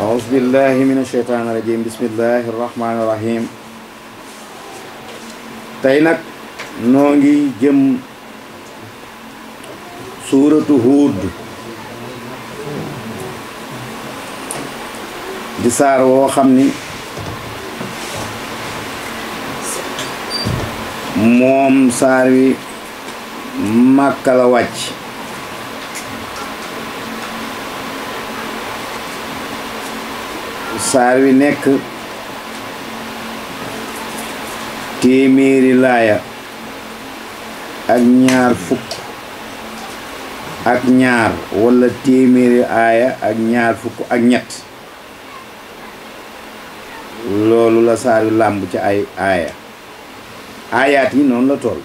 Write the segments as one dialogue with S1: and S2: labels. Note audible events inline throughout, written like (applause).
S1: أعوذ بالله من الشيطان الرجيم بسم الله الرحمن الرحيم tey nag noo ngi jëm suuratu Huud di saar ni moom saar wi saar wi nekk téeméeri laaya ak ñaar fukk ak ñaar wala téeméeri aaya ak ñaar fukk ak ñett loolu la saar wi làmb ci ay aaya aayaat yi noonu la toll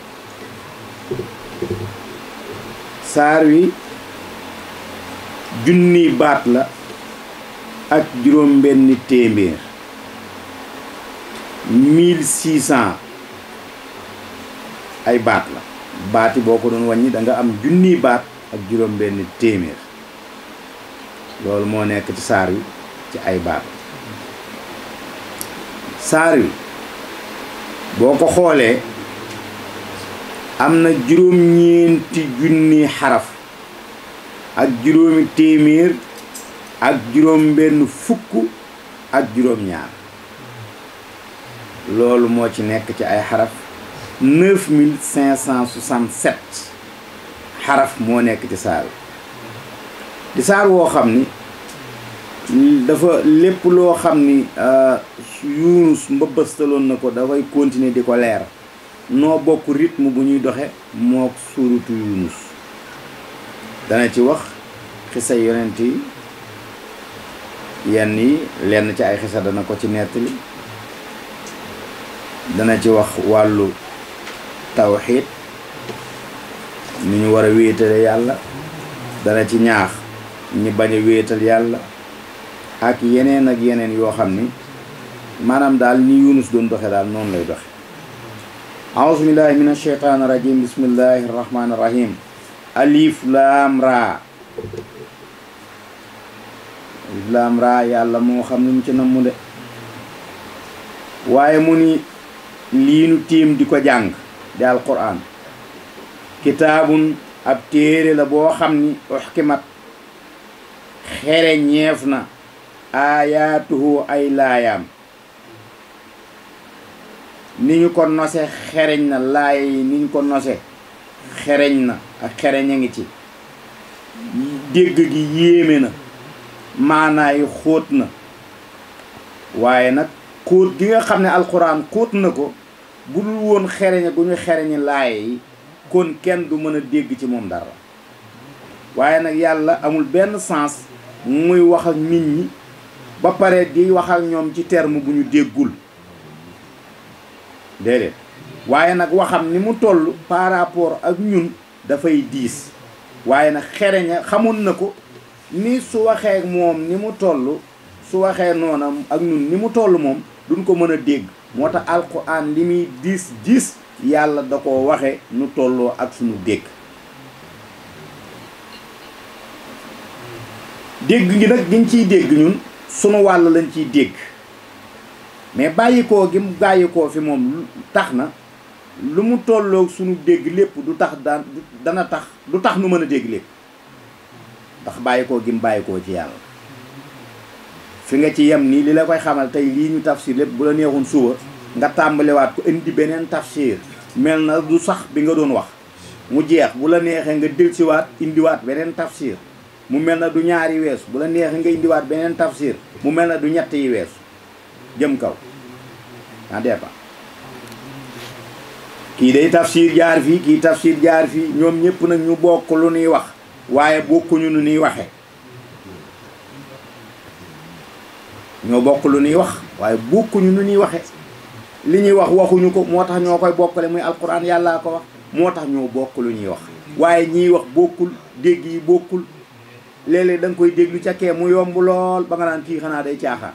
S1: saar wi junni baat la ak juróom benn téeméer mille six ay baat la baati boo ko doon wàññi da nga am junniy baat ak juróom benn téeméer loolu moo nekk ci saar wi ci ay baat saar wi boo ko xoolee am na juróom ñeenti junni xaraf ak juróomi téeméer ak juróom benn fukk ak juróom-ñaar loolu moo ci nekk ci ay xaraf neuf mille cinq cent soixante-sept xaraf moo nekk ci saar di saar woo xam ni dafa lépp loo xam ni euh, Yunus mbëbëstaloon na ko dafay continuer di ko leer noo bokk rythme bu ñuy doxe mook suuratu Yunus dana ci wax xisa yonent yi Yani yi lenn ci ay xisa dana ko ci netti dana ci wax walu tawhid ni ñu wara wétal yalla dana ci ñaax ñi baña wétal yalla ak yeneen ak yeneen yo xamni manam dal ni yunus doon doxé dal non lay a'udhu billahi minash shaitani rajim bismillahir rahmanir rahim alif lam ra lam raya yalla mo xam lu mu ci namu de waye mu ni li nu tim di jang di alquran kitabun ab tere la bo xam ni uxkimat xere nyefna ayatuhu ay layam ni ñu ko nosé xereñ na lay ni ñu ko nosé xereñ na ak xereñ a ngi ci dégg gi yéme na maanaay xóot na waaye nag xóot gi nga xam ne alxuraan xóot na ko bu dul woon xereñe gu ñu xereñi laaye yi kon kenn du mën a dégg ci moom dara waaye nag yàlla amul benn sens muy wax ak nit ñi ba pare di wax ak ñoom ci terme bu ñu déggul déedéet waaye nag waxam ni mu toll par rapport ak ñun dafay diis waaye nag xereñe xamoon na ko ni su waxee moom ni mu toll su waxee noona ak ñun ni mu toll moom duñ ko mën a dégg moo tax alquran li muy diis diis yàlla da ko waxe nu tolloo ak suñu dégg dégg gi nag giñ ciy dégg ñun sunu wàll lañ ciy dégg mais bàyyikoo gi mu bàyyikoo fi moom tax na lu mu tolloog suñu dégg lépp du tax daan dana tax du tax nu mën a dégg lépp ndax bayiko gi gim ci yalla fi nga ci yam ni li la koy xamal tay li ñu tafsir lepp bu la neexun suwa nga wat ko indi benen tafsir melna na du sax bi nga doon wax mu jeex bu la neexé nga indi wat benen tafsir mu melna na du ñaari wess bu la neexee nga wat benen tafsir mu melna na du ñett yi wess jëm kaw en pa ki day tafsir jaar fi ki tafsir jaar fi ñom ñepp nak ñu bokk lu ñuy wax waaye bokkuñu nu nuy waxe ñoo bokk lu nuy wax waaye bokkuñu nu nuy waxe li ñuy wax waxuñu ko moo tax ñoo koy bokkale muy alquran yàllaa ko wax moo tax ñoo bokk lu ñuy wax waaye ñiy wax bokkul dégg yi bokkul léeg-léeg da koy déglu ca kee mu yomb lool ba nga daan kii xanaa day caaxaan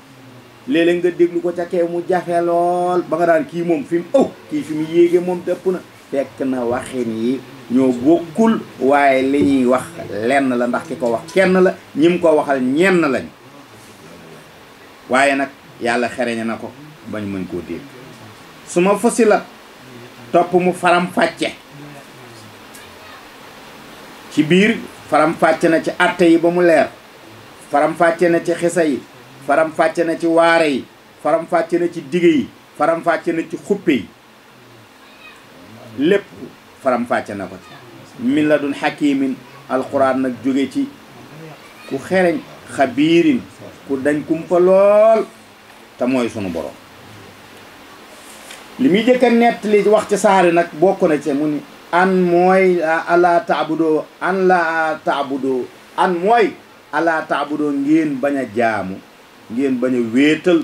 S1: léeg-léeg nga déglu ko ca kee mu jafe lool ba nga naan kii moom fi mu ëw oh, kii fi mu yéege moom dëpp na fekk na waxin yi ñoo bokkul waaye li ñuy wax lenn la ndax ki ko wax kenn la ñim ko waxal ñenn lañ waaye nag yàlla xereñe na ko bañ mañ koo dégg su ma fosi la topp mu faramfàcce ci biir faramfàcce na ci atte yi ba mu leer faramfàcce na ci xisa yi faram na ci waare yi faram fàcce na ci dige yi faram na ci xuppe yi lépp faram fàcce na ko ci min la dun xakimin alquran nag jóge ci ku xereñ xabiirin ku dañ kumpa lool te mooy sunu borom li muy jëkka nettali wax ci saari nag bokk na ci mu ni an mooy ala taabudoo an la taabudoo an mooy ala taabudoo ngeen bañ a jaamu ngeen bañ a wéetal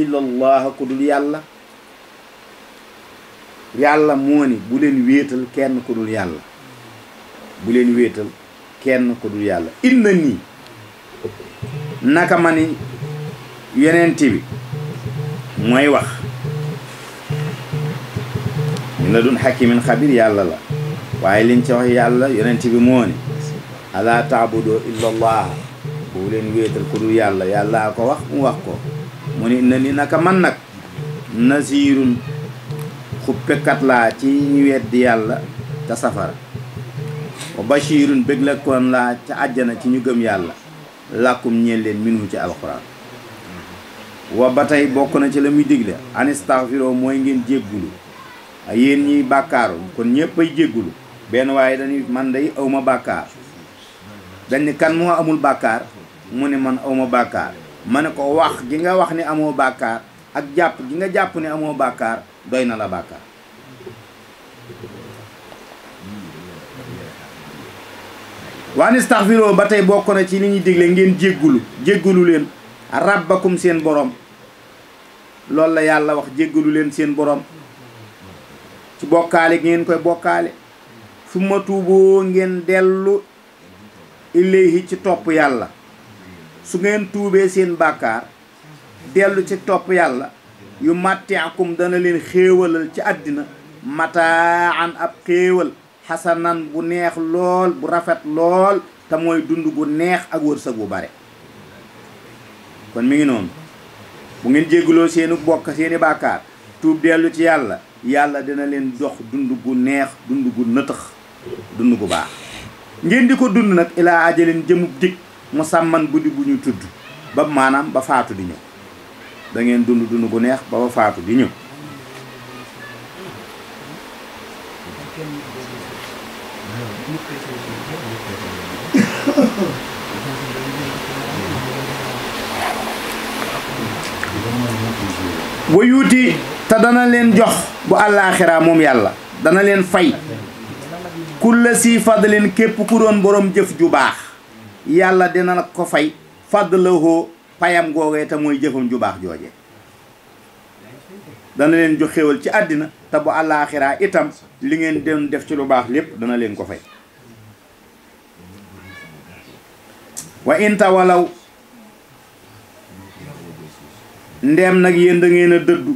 S1: illallah ku dul yàlla yàlla moo ni bu leen wéetal kenn ku dul yàlla bu leen wéetal kenn ku dul yàlla inna ni naka ma ni yonent bi mooy wax min la dun xakimin xabir yàlla la waaye liñ ci wax yàlla yonent bi moo ni alaa taabudoo illa allah bu leen wéetal ku dul yàlla yàllaa ko wax mu wax ko mu ni inna nii naka man nag nasiirun xuppekat laa ci ñu weddi yàlla ca safara wa bashirun béglekoon laa ca àjjana ci ñu gëm yàlla làkkum ñeel leen minhu ci alxuraan wa ba tey bokk na ci la muy digle anistaxfiroo mooy ngeen jéggulu a yéen bàkkaaru kon ñépp ay jéggulu benn waaye dañuy man day awma bàkkaar dañ ne kan moo amul bàkkaar mu ne man awma bàkkaar ma ne ko wax gi nga wax ne amoo bàkkaar ak jàpp gi nga jàpp ne amoo bàkkaar doy na la bàkkaar waan istaxfiroo ba tey bokk na ci li ñuy digle ngeen jéggulu jéggulu leen rabbakum seen borom loolu la yàlla wax jéggalu leen seen boroom ci bokkaale ngeen koy bokkaale su ma tuuboo ngeen dellu ilayhi ci topp yàlla su ngeen tuubee seen bàkkaar dellu ci topp yàlla yu mattiakum dana leen xéewalal ci àddina mataan ab xéewal xasanan bu neex lool bu rafet lool te mooy dund gu neex ak wërsëg bu bare kon mi ngi noonu bu ngeen jégguloo seeni bokk seeni bàkkaar tuub dellu ci yàlla yàlla dina leen jox dund gu neex dund gu nëtëx dund gu baax ngeen di ko dund nag ilaa ajalin jëmub dig musamman bu di bu ñu tudd ba maanaam ba faatu di ñëw da ngeen dund dund gu neex ba ba faatu di ñëw wayuuti ta dana leen jox bu àllaaxiraa mom yalla dana leen fay kulla si fadlin kep ku doon borom jëf ju baax yalla dina ko fay fadlahu payam googee te mooy jëfam ju baax jooje dana leen jox xéewal ci àddina te bu àllaaxiraa itam li ngeen doon def ci lu baax lépp dana leen ko fay wa inta ndeem nag yéen da ngeen a dëddu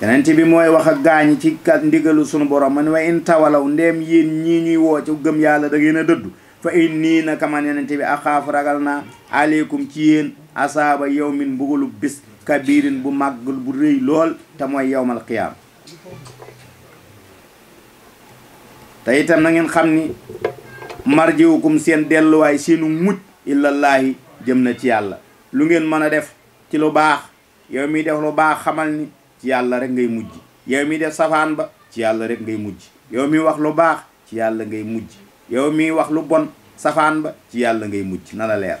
S1: yeneen bi mooy wax ak gaañ ci kat ndigalu sunu borom man wa inta ndeem yéen ñii ñuy woo ci gëm yàlla da ngeen a dëddu fa inni na kaman yonente bi axaafu ragal naa aleykum ci yéen asaaba yawmin mbugalu bis kabirin bu magul bu rëy lol ta moy yawmal qiyam te itam na ngeen xamni ni sen delu way seenu mucc illallaahi jëm na ci yalla lu ngeen meuna def ci lu bax yow mi def lu bax xamal ni ci yalla rek ngay mujj yow miy def safan ba ci yalla rek ngay mujj yow miy wax lu bax ci yalla ngay mujj yow mi wax lu bon safan ba ci yalla ngay mujj na la leer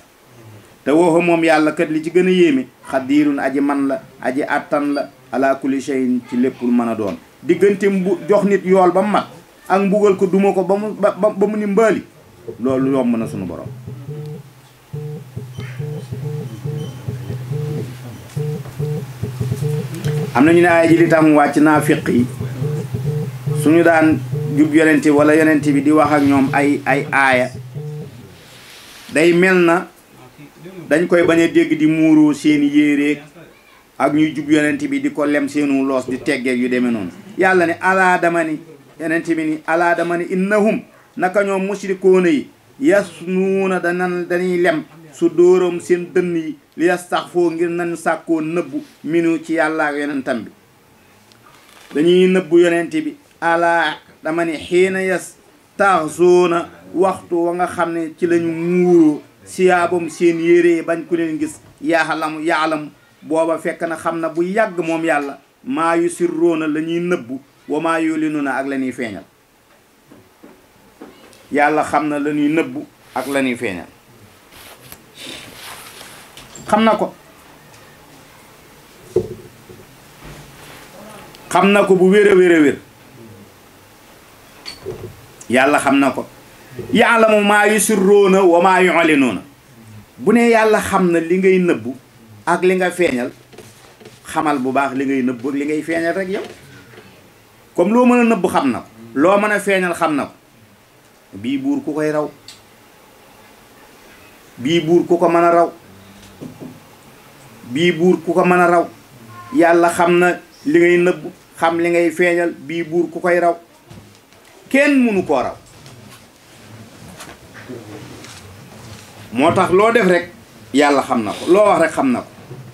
S1: te ho mom yalla kat li ci gëna a khadirun aji man la aji atan la ala kulli shay'in ci lépp lu mën a doon diggante jox nit yool ba mu mat ak mbugal ko duma ko ba mu ni mbali loolu yom na suñu borom amna ñu ne ay ji li tax mu suñu daan jub yonente wala yonente bi di wax ak ñoom ay ay aaya day mel na dañ koy bañ a dégg di muuroo seen yéeréeg ak ñuy jub yonente bi di ko lem seenu loos di teggeeg yu demee noonu yàlla ne alaa ni yonente bi ni alaa dama ni innahum naka ñoom mushrikoona yi yasnuuna danan dañuy lem su dóoram seen dënn yi li yas tax foo ngir nañu sàkkoo nëbbu minu ci yàlla ak yonentam bi dañuy nëbbu yonente bi alaa dama ne xiina yas taax zoona waxtu wa nga xam ne ci lañu muuroo siyaabam seen yére bañ ku leen gis yaaxalamu yaalam booba fekk na xam na bu yàgg moom yàlla maa yu sirroona lañuy ñuy nëbbu wa maa yu linu ak la feeñal yàlla xam na la nëbbu ak la ñuy feeñal xam na ko xam na ko bu wér a wér yàlla xam na ko yaalamu maa yusirruuna wa maa yu'linuuna bu ne yàlla xam na li ngay nëbbu ak li nga feeñal xamal bu baax li ngay nëbbu ak li ngay feeñal rek yow comme loo mën a nëbbu xam na ko loo mën a feeñal xam na ko bii buur ku koy raw bii buur ku ko mën a raw bii buur ku ko mën a raw yàlla xam na li ngay nëbbu xam li ngay feeñal bii buur ku koy raw kenn mënu koo raw moo tax loo def rekk yàlla xam na ko loo wax rek xam na ko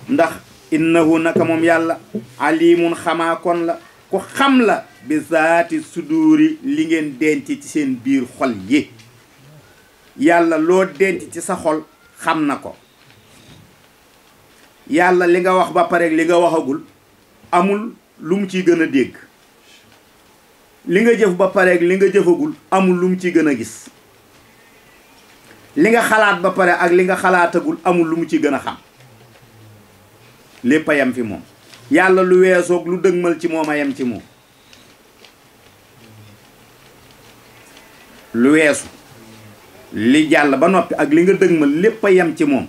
S1: ndax innahu naka moom yàlla alimun xamaa kon la ku xam la bi zaati suduuri li ngeen denc ci seen biir xol yi yàlla loo denc ci sa xol xam na ko yàlla li nga wax ba pare li nga waxagul amul lu mu ciy gën a dégg li nga jëf ba pare ak li nga jëfagul amul lu mu ci gën a gis li nga xalaat ba pare ak li nga xalaatagul amul lu mu ci gën a xam lépp a yem fi moom yàlla lu weesoog lu dëgmal ci moom a yem ci moom lu weesu li jàll ba noppi ak li nga dëgmal lépp a yem ci moom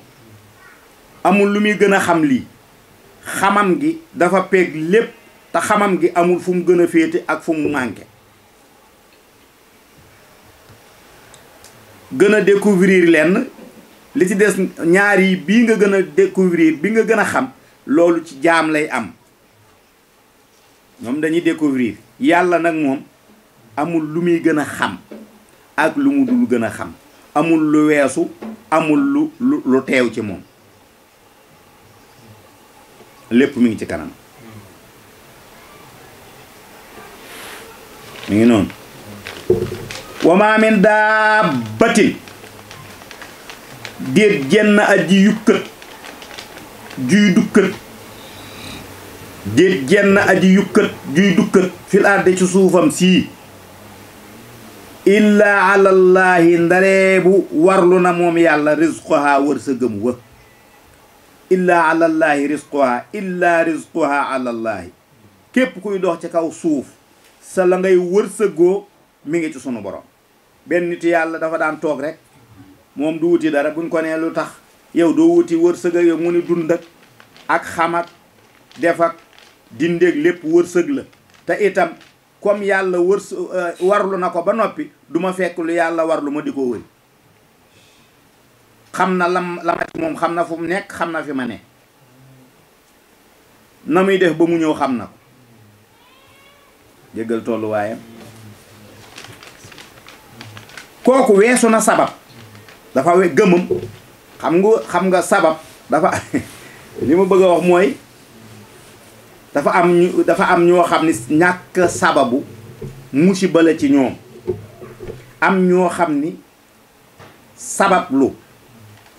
S1: amul lu muy gën a xam lii xamam gi dafa peeg lépp te xamam gi amul fu mu gën a féete ak fu mu manqué gën a découvrir lenn li ci des ñaar yi bii nga gën a découvrir bi nga gën a xam loolu ci jaam lay am ñoom dañuy découvrir yàlla nag moom amul lu muy gën a xam ak lu mu dul gën a xam amul lu weesu amul lu lu teew ci moom lépp mu ngi ci kanam mi ngi noonu wa ma min daabatin déet jenn aji yukkat juy dukkat déet jenn aji yukkat juy dukkat fil ci suufam sii illaa alallaahi ndaree bu warlu na moom yàlla risqoha wërsëgam wa illaa alallaahi risqoha illaa risqoha alallaahi képp kuy dox ci kaw suuf sa la ngay wërsëgoo mi ngi ci sunu borom benn nit yàlla dafa daan toog rek moom du wuti dara buñ ko nee lu tax yow doo wuti wërsëg ak yow mu ni dund ak ak xamak def ak dindeeg lépp wërsëg la te itam comme yàlla wërs euh, warlu na ko ba noppi du ma fekk lu yàlla warlu ma di ko wëri xam na lam la ma ci moom xam na fu mu nekk xam na fi ma ne na muy def ba mu ñëw xam na ko jéggal tolluwaayam kooku weesu na sabab dafa gëmam xam nga xam nga sabab dafa (laughs) li ma bëgg a wax mooy dafa am ñu dafa am ñoo xam ni ñàkk sababu musiba la ci ñoom am ñoo xam ni sabablu lu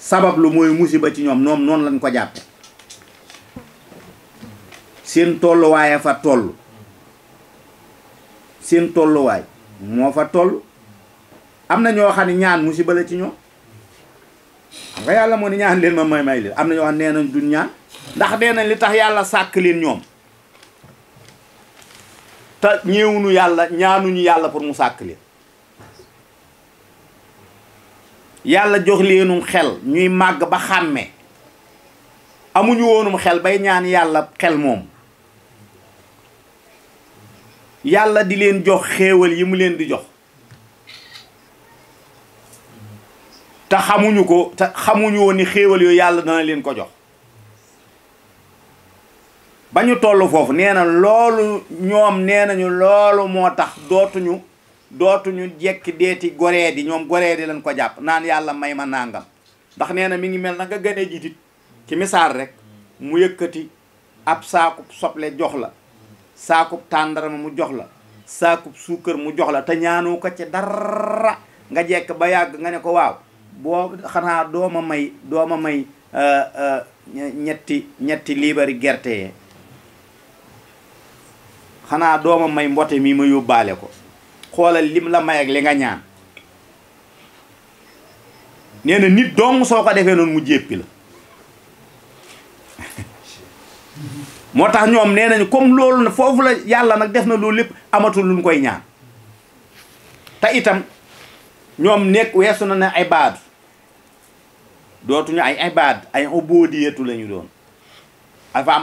S1: sabab lu mooy musiba ci ñoom ñoom noonu lañ ko jàpp seen tolluwaaya fa toll seen tolluwaay moo fa toll am na ñoo xam ne ñaan musiba la ci ñoom nga yàlla moo ni ñaan leen ma may may leen am na ñoo xam nee nañ ñaan ndax dee li tax yàlla sàkk leen ñoom te ñeewuñu yàlla ñaanuñu yàlla pour mu sàkk leen yàlla jox leenum xel ñuy màgg ba xàmmee amuñu woonum xel bay ñaan yàlla xel moom yàlla di leen jox xéewal yi mu leen di jox te xamuñu ko te xamuñu woon ni xéewal yooyu yàlla dana leen ko jox ba ñu toll foofu nee na loolu ñoom nee nañu loolu moo tax dootuñu dootuñu jekki deeti goree di ñoom goree di lañ ko jàpp naan yàlla may ma nàngam ndax nee na mi ngi mel na nga gënee jiitit ci misaal rek mu yëkkati ab saaku soble jox la sakup tandara mu jox la suker mu jox la te ñaanu ko ci dara nga jek ba yag nga ne ko waaw xana do dooma may ma may euh, euh, ñetti ñetti libari gerte xana do ma may mbote mi ma yóbbaale ko xolal lim la may ak li nga ñaan nit dong soko ko non mu jéppi la moo tax ñoom nee nañu comme loolu na foofu la yàlla nag def na loolu lépp amatul luñ koy ñaan te itam ñoom nekk weesu na ne ay baadu dootuñu ay ibaad ay obodiyatu la ñu doon dafa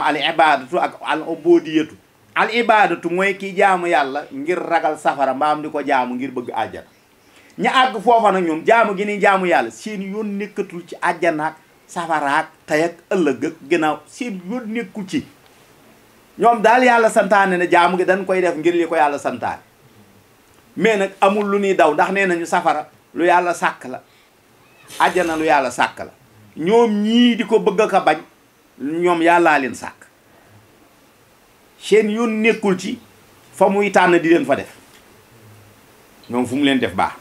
S1: mooy kii jaamu yàlla ngir ragal safara mbaam di ko jaamu ngir bëgg àjjana ñu àgg foofa na ñoom jaamu gi ni jaamu yàlla seen yoon nekkatul ci àjjanaak safaraak tey ak ëllëg ak gannaaw seen yoon nekkul ci ñoom daal yàlla santaane na jaamu ngi dañ koy def ngir li ko yàlla santaane mais nag amul lu ñuy daw ndax nee nañu safara lu yàlla sàkk la àjjana lu yàlla sàkk la ñoom ñii di ko bëgg a ka bañ ñoom yàllaa leen sàkk seen yoon nekkul ci fa muy tànn di leen fa def ñoom fu mu leen def baax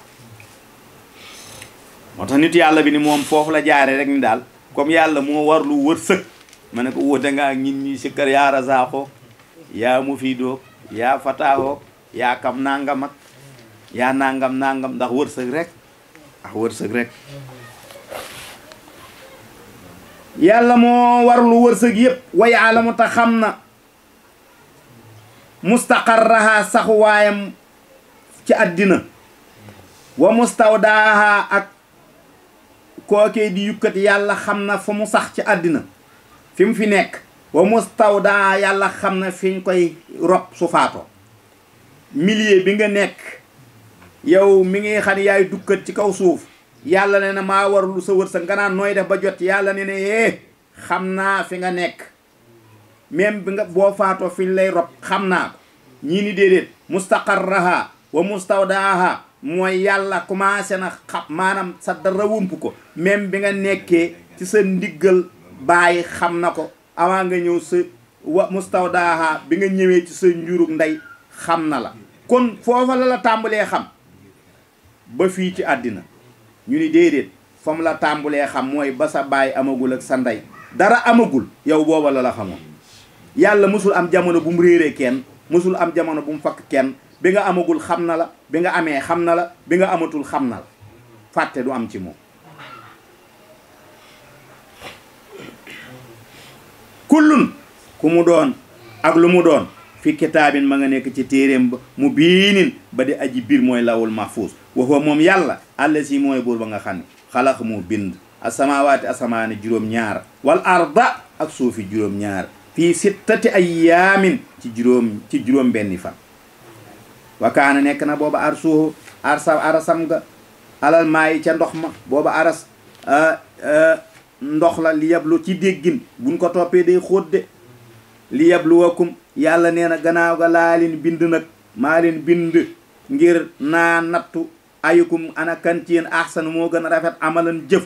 S1: moo tax nit yàlla bi ni moom foofu la jaare rek ni daal comme yàlla moo war lu wërsëg ma ne ko wute nga ak ñin ñuy sikkar yaa rasaaxoog yaa mufiidoog yaa ya yaa kam nangam ak nangam nangam ndax wërsëg rek ndax wërsëg rek yàlla moo warlu wërsëg yëpp way alamu ta xam na mustaqarraha saxuwaayam ci àddina wa mustawdaaha ak kookee di yukkat yàlla xam na fa mu sax ci àddina fi mu fi nekk wa mustawdaa yàlla xam na fi ñu koy rob su faato milieu bi nga nekk yow mi ngi xam ne yaay dukkat ci kaw suuf yàlla ne na maa war lu sa wërsëg nga naan nooy def ba jot yàlla ne ne eh xam naa fi nga nekk même bi nga boo faatoo fi ñu lay rob xam naa ko ñii ni déedéet mustaqarraha wa mustawdaaha mooy yàlla commencé na xam maanaam sa dara wump ko même bi nga nekkee ci sa ndiggal bàyyi xam na ko avant nga ñëw sa wa mustawdaaha bi nga ñëwee ci sa njurug ndey xam na la kon foofa la la tàmbalee xam ba fii ci àddina ñu ni déedéet fa mu la tàmbulee xam mooy ba sa baay amagul ak sa ndey dara amagul yow booba la la xamoon yàlla mosul am jamono bu mu réeree kenn mosul am jamono bu mu fakk kenn bi nga amagul xam na la bi nga amee xam na la bi nga amatul xam na la fàtte du am ci moom kullun kumu don ak lu mu doon fi kitabin ma nga nek ci terem mu binin ba aji bir moy lawul mahfuz wa huwa mom yalla allazi si bur ba nga xam khalaq mu bind as-samani jurum ñaar wal arda ak sufi juróom-ñaar fi sittati ayyaamin ci juróom ci juróom benni fa wa kana nek na boba arsu arsa arasam ga alal mai ca ndokh ma boba aras ah, ah, ndox la li yablu ci déggin buñ ko toppee day xóot de li yabluwakum yàlla nee na gannaaw ga laa bind nag maa bind ngir naa nattu ayukum ana kan ci yéen ahsan moo gën a rafet amalan jëf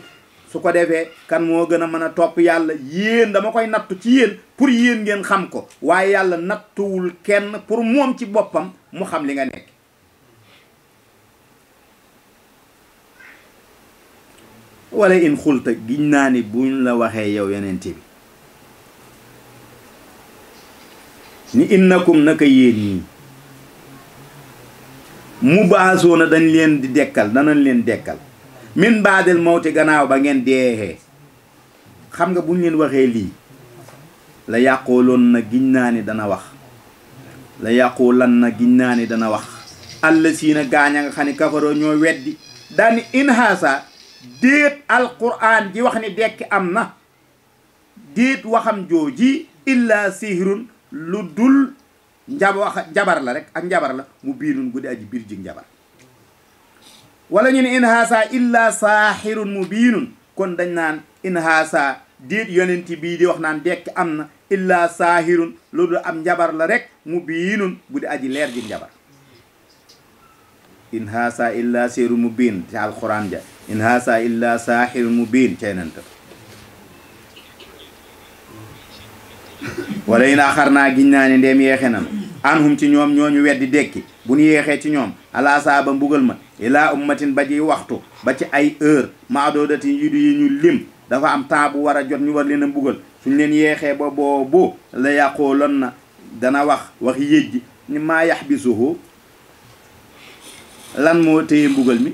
S1: su ko defee kan moo gën a mën a topp yàlla yéen dama koy nattu ci yéen pour yéen ngeen xam ko waaye yàlla nattuwul kenn pour moom ci boppam mu xam li nga nekk wala in xulta giñ naa ni buñ la waxee yow yonent bi ni in na innakum naka yéen ñi mu baasoona dañ leen di dekkal danañ leen dekkal min baadel mawti gannaaw ba ngeen deexee xam nga buñ leen waxee lii la yàqooloon na giñ naa ni dana wax la yàqoolan na giñ naa ni dana wax àll siina gaañ a nga xam ne kafaroo ñoo weddi daani inhaasa déet alquran ji wax ni dekki am na déet waxam jooji illa sihrun lu dul njabar la rek ak njabar la mu biinun guddi aji biir jig njabar wala ñu ne in haasa illa kon dañ naan in haasa déet yonenti bii di wax naan dekk am na illa saahirun lu am njabar la rek mu biinun guddi aji leer njabar in haasa illa sihrun mu biin ci alquran ja إن هذا إلا ساحر مبين تينانت
S2: (laughs) ولين
S1: آخرنا جنان ديم يخنم أنهم تنيوم نيوم يويد ديكي بني يخي تنيوم على سابن بغل ما إلا أمتين بجي وقتو بجي أي إر ما دودة يدي ينو لم دفع أم تابو ورا جوت نيوار لينم بغل سنين يخي بو بو بو لا يقولن دنا وخ وخي نما يحبسوه لن مو تيم مي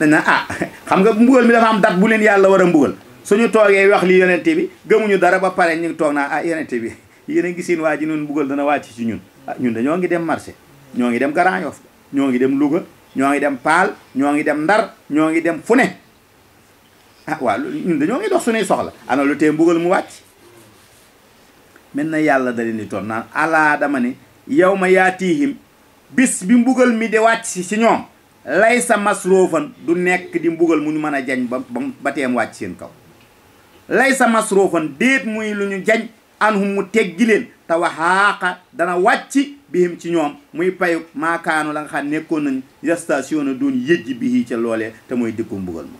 S1: dañ naan ah xam nga mbugal mi dafa am date bu leen yàlla war a mbugal suñu toogee wax li yonente bi gëmuñu dara ba pare ñu toog naa ah yonente bi yéen a ngi seen waa ji noonu mbugal dana wàcc ci ñun ah, ñun dañoo ngi dem marché ñoo ngi dem Grand Yoff ñoo ngi dem Louga ñoo ngi dem Paal ñoo ngi dem Ndar ñoo ngi dem fu ne ah waaw ñun dañoo ngi dox suñuy soxla ana lu tee mbugal mu wàcc na yàlla da leen di toon naan alaa ni ne yow ma yaatiihim bis bi mbugal mi di wàcc si ñoom lay sa masroofan du nekk di mbugal mu ñu mën a jañ ba ba teem wàcc seen kaw lay sa masroofan déet muy lu ñu jañ anhum mu teggi leen te waxaaqa dana wàcc bihim ci ñoom muy payu maakaanu la nga xam nekkoon nañ station na doon yëjji bihii ca loole te mooy dikku mbugal ma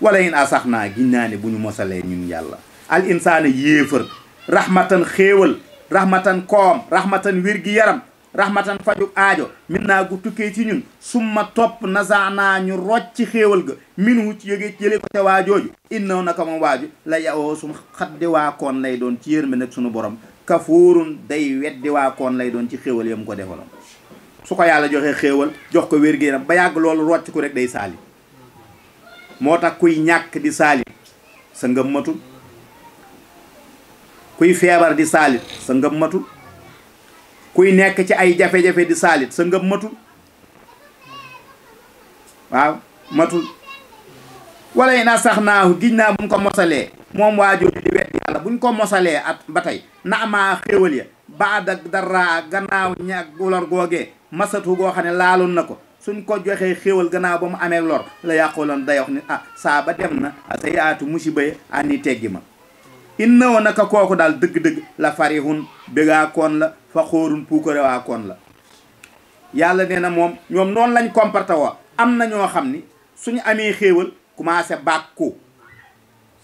S1: wala in asax naa gin naa ne bu ñu mosalee ñun yàlla al insaana yéefër rahmatan xéewal rahmatan koom rahmatan wér gi yaram rahmatan fajug aajo min naa gu tukkee ci ñun summa topp nasaanaa ñu rocci xéewal ga minu ci yëge jële ko ca waajooju innaw naka moom waaju la yawoo sum xaddi lay doon ci yërme nag sunu borom kafuurun day weddi waakoon lay doon ci xéewal yam ko defaloon su ko yàlla joxee xéewal jox ko wér gi ba yàgg loolu rocc ko rek day saali moo tax kuy ñàkk di saali sa ngëm kuy feebar di saali sa ngëm kuy nekk ci ay jafe-jafe di saalit sa ngëm matul waaw matul wala yi naa sax naahu giñ naa buñ ko mosalee moom waajooju di wet yàlla buñ ko mosalee at ba tey na amaa xéewal ya baad ak dara gannaaw ñag lor googee masatu goo xam ne laaloon na ko suñ ko joxee xéwal gannaaw ba mu amee lor la yàqooloon day wax ni ah saa ba dem na a sa yaatu musiba ani teggi ma inna woo naka kooku daal dëgg-dëgg la farihun bégaa koon la fa xóorun puukarewaa la yàlla nee na moom ñoom noonu lañ comporté wa am na ñoo xam ni suñu amee xéewal commencé bàkku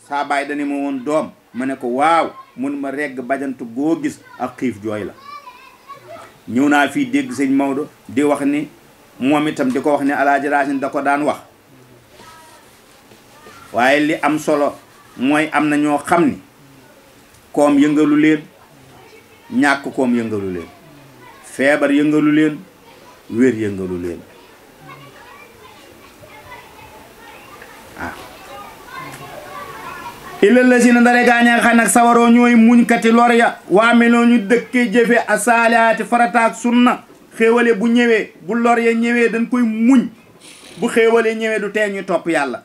S1: saa baay dani ma woon doom ma ne ko waaw mun ma regg bajantu goo gis ak xiif jooy la ñëw naa fii dégg sëñ Maodo di wax ni moom itam di ko wax ni alaaji Racine da ko daan wax waaye li am solo mooy am na ñoo xam ni koom yëngalu leen ñàkk koom yëngalu leen feebar yëngalu leen wér yëngalu leen waaw ah. na ndare gaa ña nga sawaroo ñooy muñkati lor ya waameloo ñu dëkkee jëfe asaaliyaati farataak sunna xéewale bu ñëwee bu lor ya ñëwee dañ koy muñ bu xéewale ñëwee du tee topp yàlla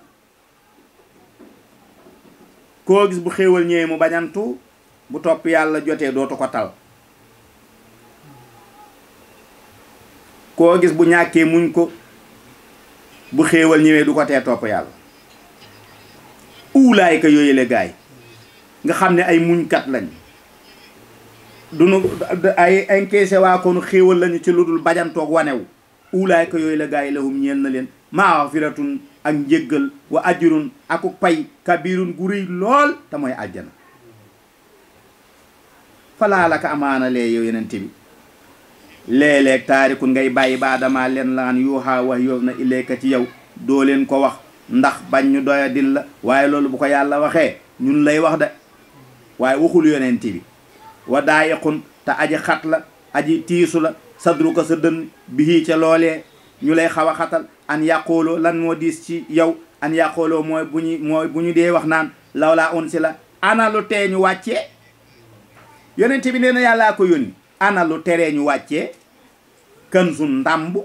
S1: koo gis bu xéewal ñëwee mu bañantu bu topp yàlla jotee dootu ko tal koo gis bu ñàkkee muñ ko bu xéewal ñëwee du ko tee topp yàlla uulaay ka yooyu le gaay nga xam ne ay muñkat lañ duñu ay encaissé waa koonu xéewal lañu ci lu dul bajantoog wanewu uulaay ka yooyu le gaay lahum ñeel na leen maafiratun ak njëggal wa ajurun akuk pay kabiirun gu rëy lool te mooy àjjana falaa la ka amaanalee yow yenente bi léeg-léeg ngay bàyyi ba adamaa leen laan yuuxaa wax yow na ileeka ci yow doo leen ko wax ndax bañ ñu doya dil la waaye loolu bu ko yàlla waxee ñun lay wax de waaye waxul yonent bi wa daayiqun te aji xat la aji tiisu la sadru ko sa dënn bihii ca loolee ñu lay xaw a xatal an yàqooloo lan moo diis ci yow an yàqooloo mooy bu ñu mooy bu ñu dee wax naan lawlaa un si la ana lu tee ñu wàccee yonent bi nee na yàllaa ko yónni ana lu teree ñu wàcce kanzun ndàmb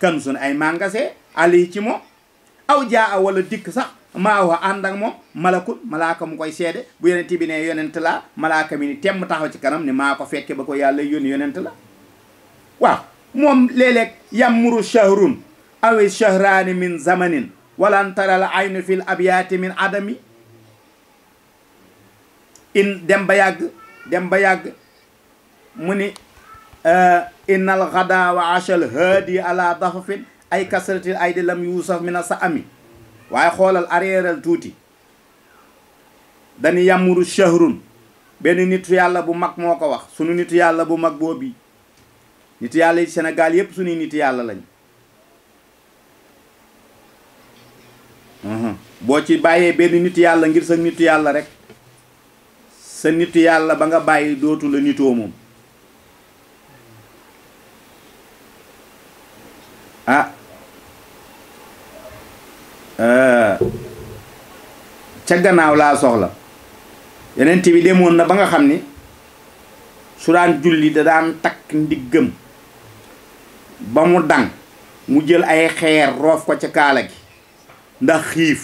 S1: kanzun ay mangase ali ci aw jaa wala dikk sax maa wa ànd ak moom malakul malaaka mu koy seede bu yonent bi ne yonent la malaaka mi ni temm taxaw ci kanam ni maa ko fekke ba ko yàlla yónni yonent la waaw moom léeg-léeg yamuru shahrun awi shahraani min zamanin walan taral aynu fil abyaati min adami in dem yàgg dem ba yàgg mu ni innal xada wa achal haadi ala dafafin ay kasratil ay di lam yuusaf mina sa ami waaye xoolal arrièral tuuti dañu yàmmuru shahrun benn nitu yàlla bu mag moo ko wax sunu nit yàlla bu mag boobi nitu yàlla yi Sénégal yépp sunuy nitu yàlla lañ mhm. boo ci bàyyee benn nitu yàlla ngir sa nitu yàlla rek sa nit yàlla ba nga bàyyi dootu la nitoo moom ah. Ah. ca gannaaw laa soxla yeneen bi demoon na ba nga xam ni su daan julli da daan takk ndiggam ba mu dang mu jël ay xeer roof ko ca kaala gi ndax xiif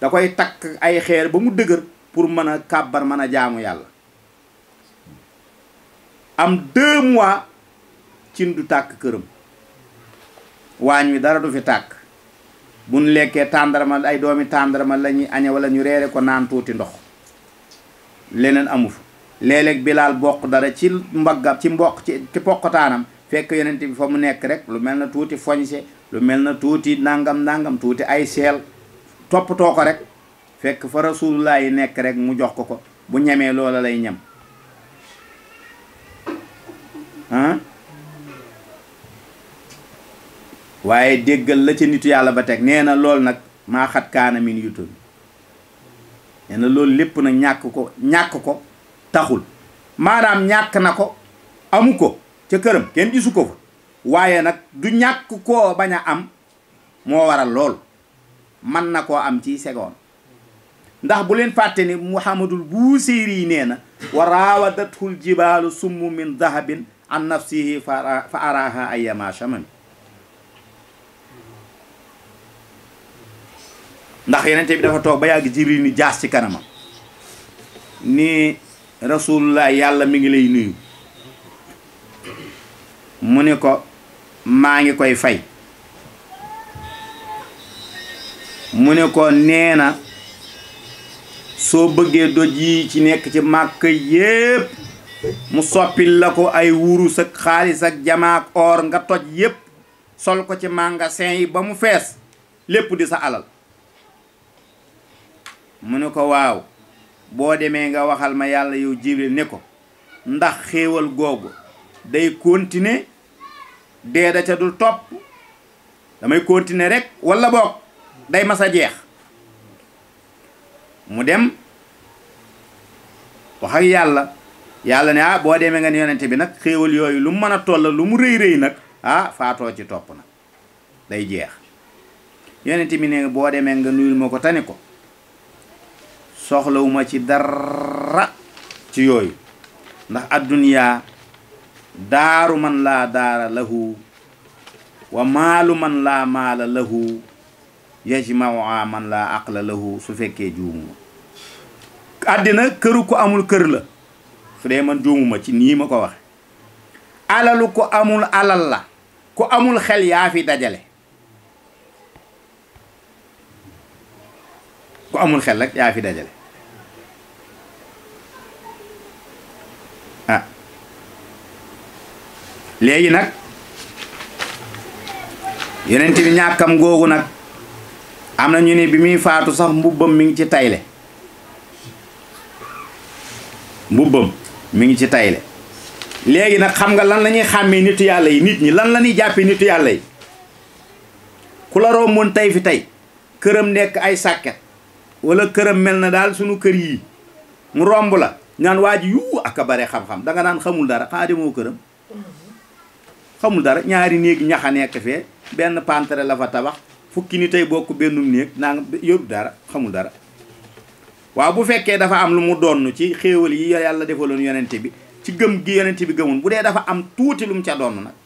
S1: da koy takk ay xeer ba mu dëgër pour mën a kàbbar mën a jaamu yàlla am deux mois cin du tàkk këram waañ wi dara du fi tàkk buñ lekkee tàndarma ay doomi tàndarma la ñuy añe wala ñu reere ko naan tuuti ndox leneen amu fa léeg-léeg bilaal bokk dara ci mbagga ci mboq ci ci poqataanam fekk yonent bi fa mu nekk rek lu mel na tuuti foñse lu mel na tuuti nangam ndàngam tuuti ay seel toppatoo ko rek fekk fa rasulullah nekk rek mu jox ko ko bu ñamee loola lay ñam waaye déggal la ca nitu yàlla ba teg nee na lool nag maa xat kaana min yutun nee na loolu lépp nag ñàkk ko ñàkk ko taxul maanaam ñàkk na ko amu ko ca këram kenn gisu ko fa waaye nag du ñàkk koo bañ a am moo waral lool mën na koo am ci segoon ndax bu leen fàtte ni muhammadul buusiiri nee na wa raawadathul jibaalu summu min dahabin an nafsihi fa araha ayyama shamami ndax yenente bi dafa toog ba yàgg jibril ni jaas ci kanamam ni rasulullah yàlla mi ngi lay nuyu mu ni ko maa ngi koy fay mu ni ko nee na soo bëggee doj yi ci nekk ci màkk yépp mu soppil la ko ay wurus ak xaalis ak jamaak or nga toj yépp sol ko ci magasin yi ba mu fees lépp di sa alal mu ne ko waaw boo demee nga waxal ma yàlla yow jibril ni ko ndax xéewal googu day continuer dee ca dul topp damay continuer rekk walla boog day mas a jeex mu dem wax ak yàlla yàlla ne ah boo demee nga ne yonente bi nag xéewal yooyu lu mu mën a toll lu mu rëy rëy nag ah faatoo ci topp na day jeex yonente bi ne boo demee nga nuyul ma ko tani ko soxlawuma ci dara ci yooyu ndax adduniyaa daaru man laa daara lahu wa maalu man laa maala lahu ma man laa aqla lahu su fekkee juumuma àddina këru ko amul kër la su dee man juumuma ci nii ma ko wax alalu ku amul alal la ku amul xel yaa fi dajale ku amul xel rek yaa fi dajale ah. léegi nag yeneen bi ñàkkam googu nag am na ñu ne bi muy faatu sax mbubbam mu ngi ci tayle mbubbam mi ngi ci tayle léegi nag xam nga lan la ñuy xàmmee nitu yàlla yi nit ñi lan la ñuy jàppee nitu yàlla yi ku la romboon tey fi tey këram nekk ay sàkket wala këram mel na daal sunu kër yii mu romb la ñaan waa ji yuu ak a bare xam-xam danga naan xamul dara xaa demoo këram mm-hmm. xamul dara ñaari néegi ñax a nekk fee benn pantere la fa tabax fukki ni tey bokk bennum néeg naa yóbbu dara xamul dara waaw bu fekkee dafa am lu mu donn ci xéewal yi yàlla defaloon yonent bi ci gëm gi yonent bi gëmoon bu dee dafa am tuuti lu mu ca donn nag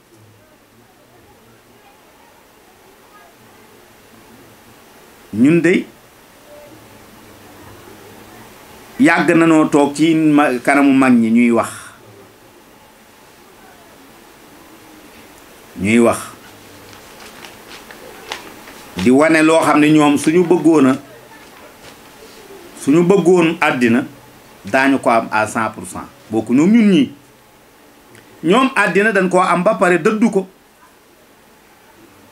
S1: ñun dey yàgg nanoo toog ci kanamu mag ñi ñuy wax ñuy wax di wane loo xam ne ñoom suñu bëggoon a suñu bëggoon àddina daañu ko am à cent pour cent ñoom ñun ñii ñoom àddina dañ koo am ba pare dëddu ko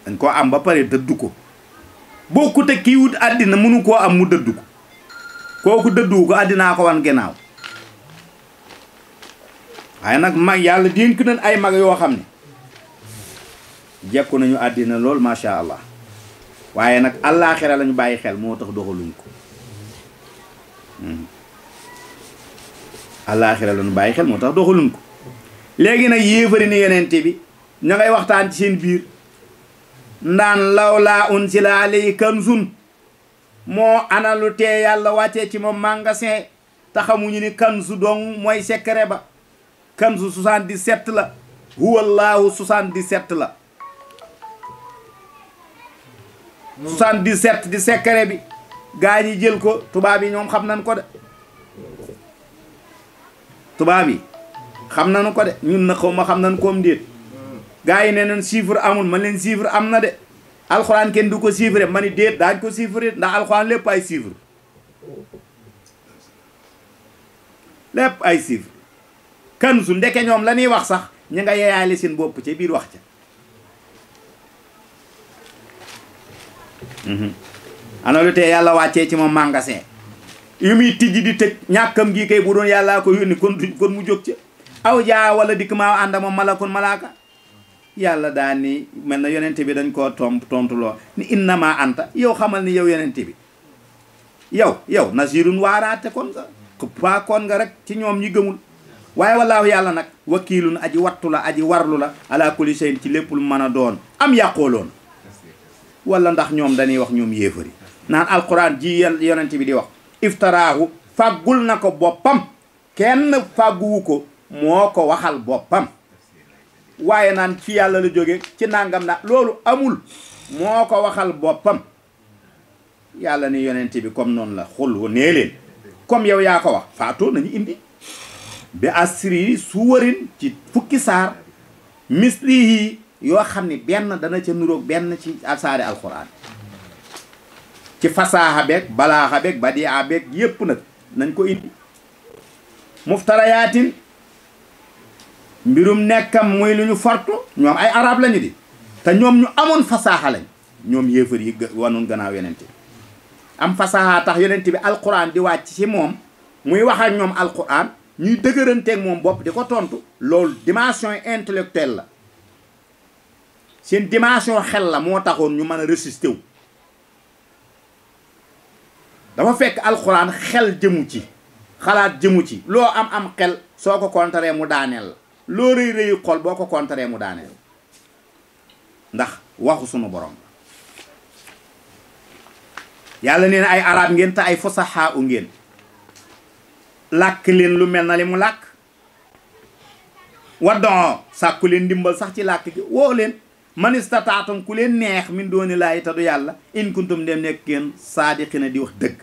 S1: dañ ko am ba pare dëddu ko bokkute kii àddina mënu koo am mu dëddu ko kooku dëdduwu ko àddinaa ko wan gannaaw waaye nag mag yàlla dénk nañ ay mag yoo xam ne jekku nañu àddina lool macha allah waaye nag àllaaxira lañu bàyyi xel moo tax doxaluñ ko hmm. àllaaxira la ñu bàyyi xel moo tax doxaluñ ko léegi nag yéefari ni yonent bi ña ngay waxtaan ci seen biir ndaan lawlaa unsila alayhi kanzun moo analu yàlla wàcce ci ma magasin te xamuñu ni kanzu dong mooy secret ba kanzu 77 la huwallahu 77 la 77 di secret bi gaa ñi jël ko tubaab yi ñoom xam nañ ko de tubaab yi xam na nu ko de ñun na xaw ma xam nañ koom déet gaa yi ne nañ chiffre amul ma leen chiffre am na de alxuraan kenn du ko chiffré ma ni déet daañ ko chiffré ndax alxuraan lépp ay chiffre lépp ay chiffre kan su ndeke ñoom la ñuy wax sax ñu nga yeeyaale seen bopp ca biir wax ca Mm-hmm. ana lu tee yàlla wàccee ci moom magasin yu muy tijji di tëj ñàkkam gi kay bu doon yàlla ko yónni kon kon mu jog ci aw jaa wala dikk maa ànd ak moom malakun malaaka yàlla daa ni mel na yonente bi dañ koo tomp tontuloo ni innama anta yow xamal ni yow yonente bi yow yow nasirun waaraate kon nga pas kon nga rek ci ñoom ñi gëmul waaye wallaahu yàlla nag wakiilun aji wattu la aji warlu la ala kulli shay'in ci lépp lu mën a doon am yàqooloon wala ndax ñoom dañuy wax ñoom yéefar yi naan alquran ji yonent bi di wax iftaraahu fàggul na ko boppam kenn fàgguwu ko moo ko waxal boppam waaye naan ci yàlla la jóge ci nangam na loolu amul moo ko waxal boppam yàlla ni yonent bi comme noonu la xulwu nee leen comme yow yaa ko wax faatoo nañu indi bi asri suwarin ci fukki saar mislihi yoo xam ni benn dana ca nuroog benn ci asaare alxuraan ci fasaaxa beeg balaaxa beeg badiixa beeg yépp nag nañ ko indi muftarayaatin mbirum nekkam muy lu ñu fortu ñoom ay arab lañu di te ñoom ñu amoon fasaaxa lañ ñoom yéefar yi wanoon ganaaw yonent bi am fasaaxa tax yonent bi alquran di wàcc ci moom muy wax ñoom ñoom alquran ñuy dëgëranteeg moom bopp di ko tontu loolu dimension intellectuelle la seen dimension xel la moo taxoon ñu mën a résister wu dafa fekk alxuraan xel jëmu ci xalaat jëmu ci loo am am xel soo ko kontaree mu daaneel loo rëy rëyu xol boo ko kontaree mu daaneel ndax waxu sunu borom yàlla ay arab ngeen te ay fosaxaa u ngeen làkk leen lu mel na li mu làkk waddoo sàkku sax ci làkk gi leen man istataatum ku leen neex min dooni laayi ta du yàlla in kuntum ndem nekk ngeen saadiqina di wax dëgg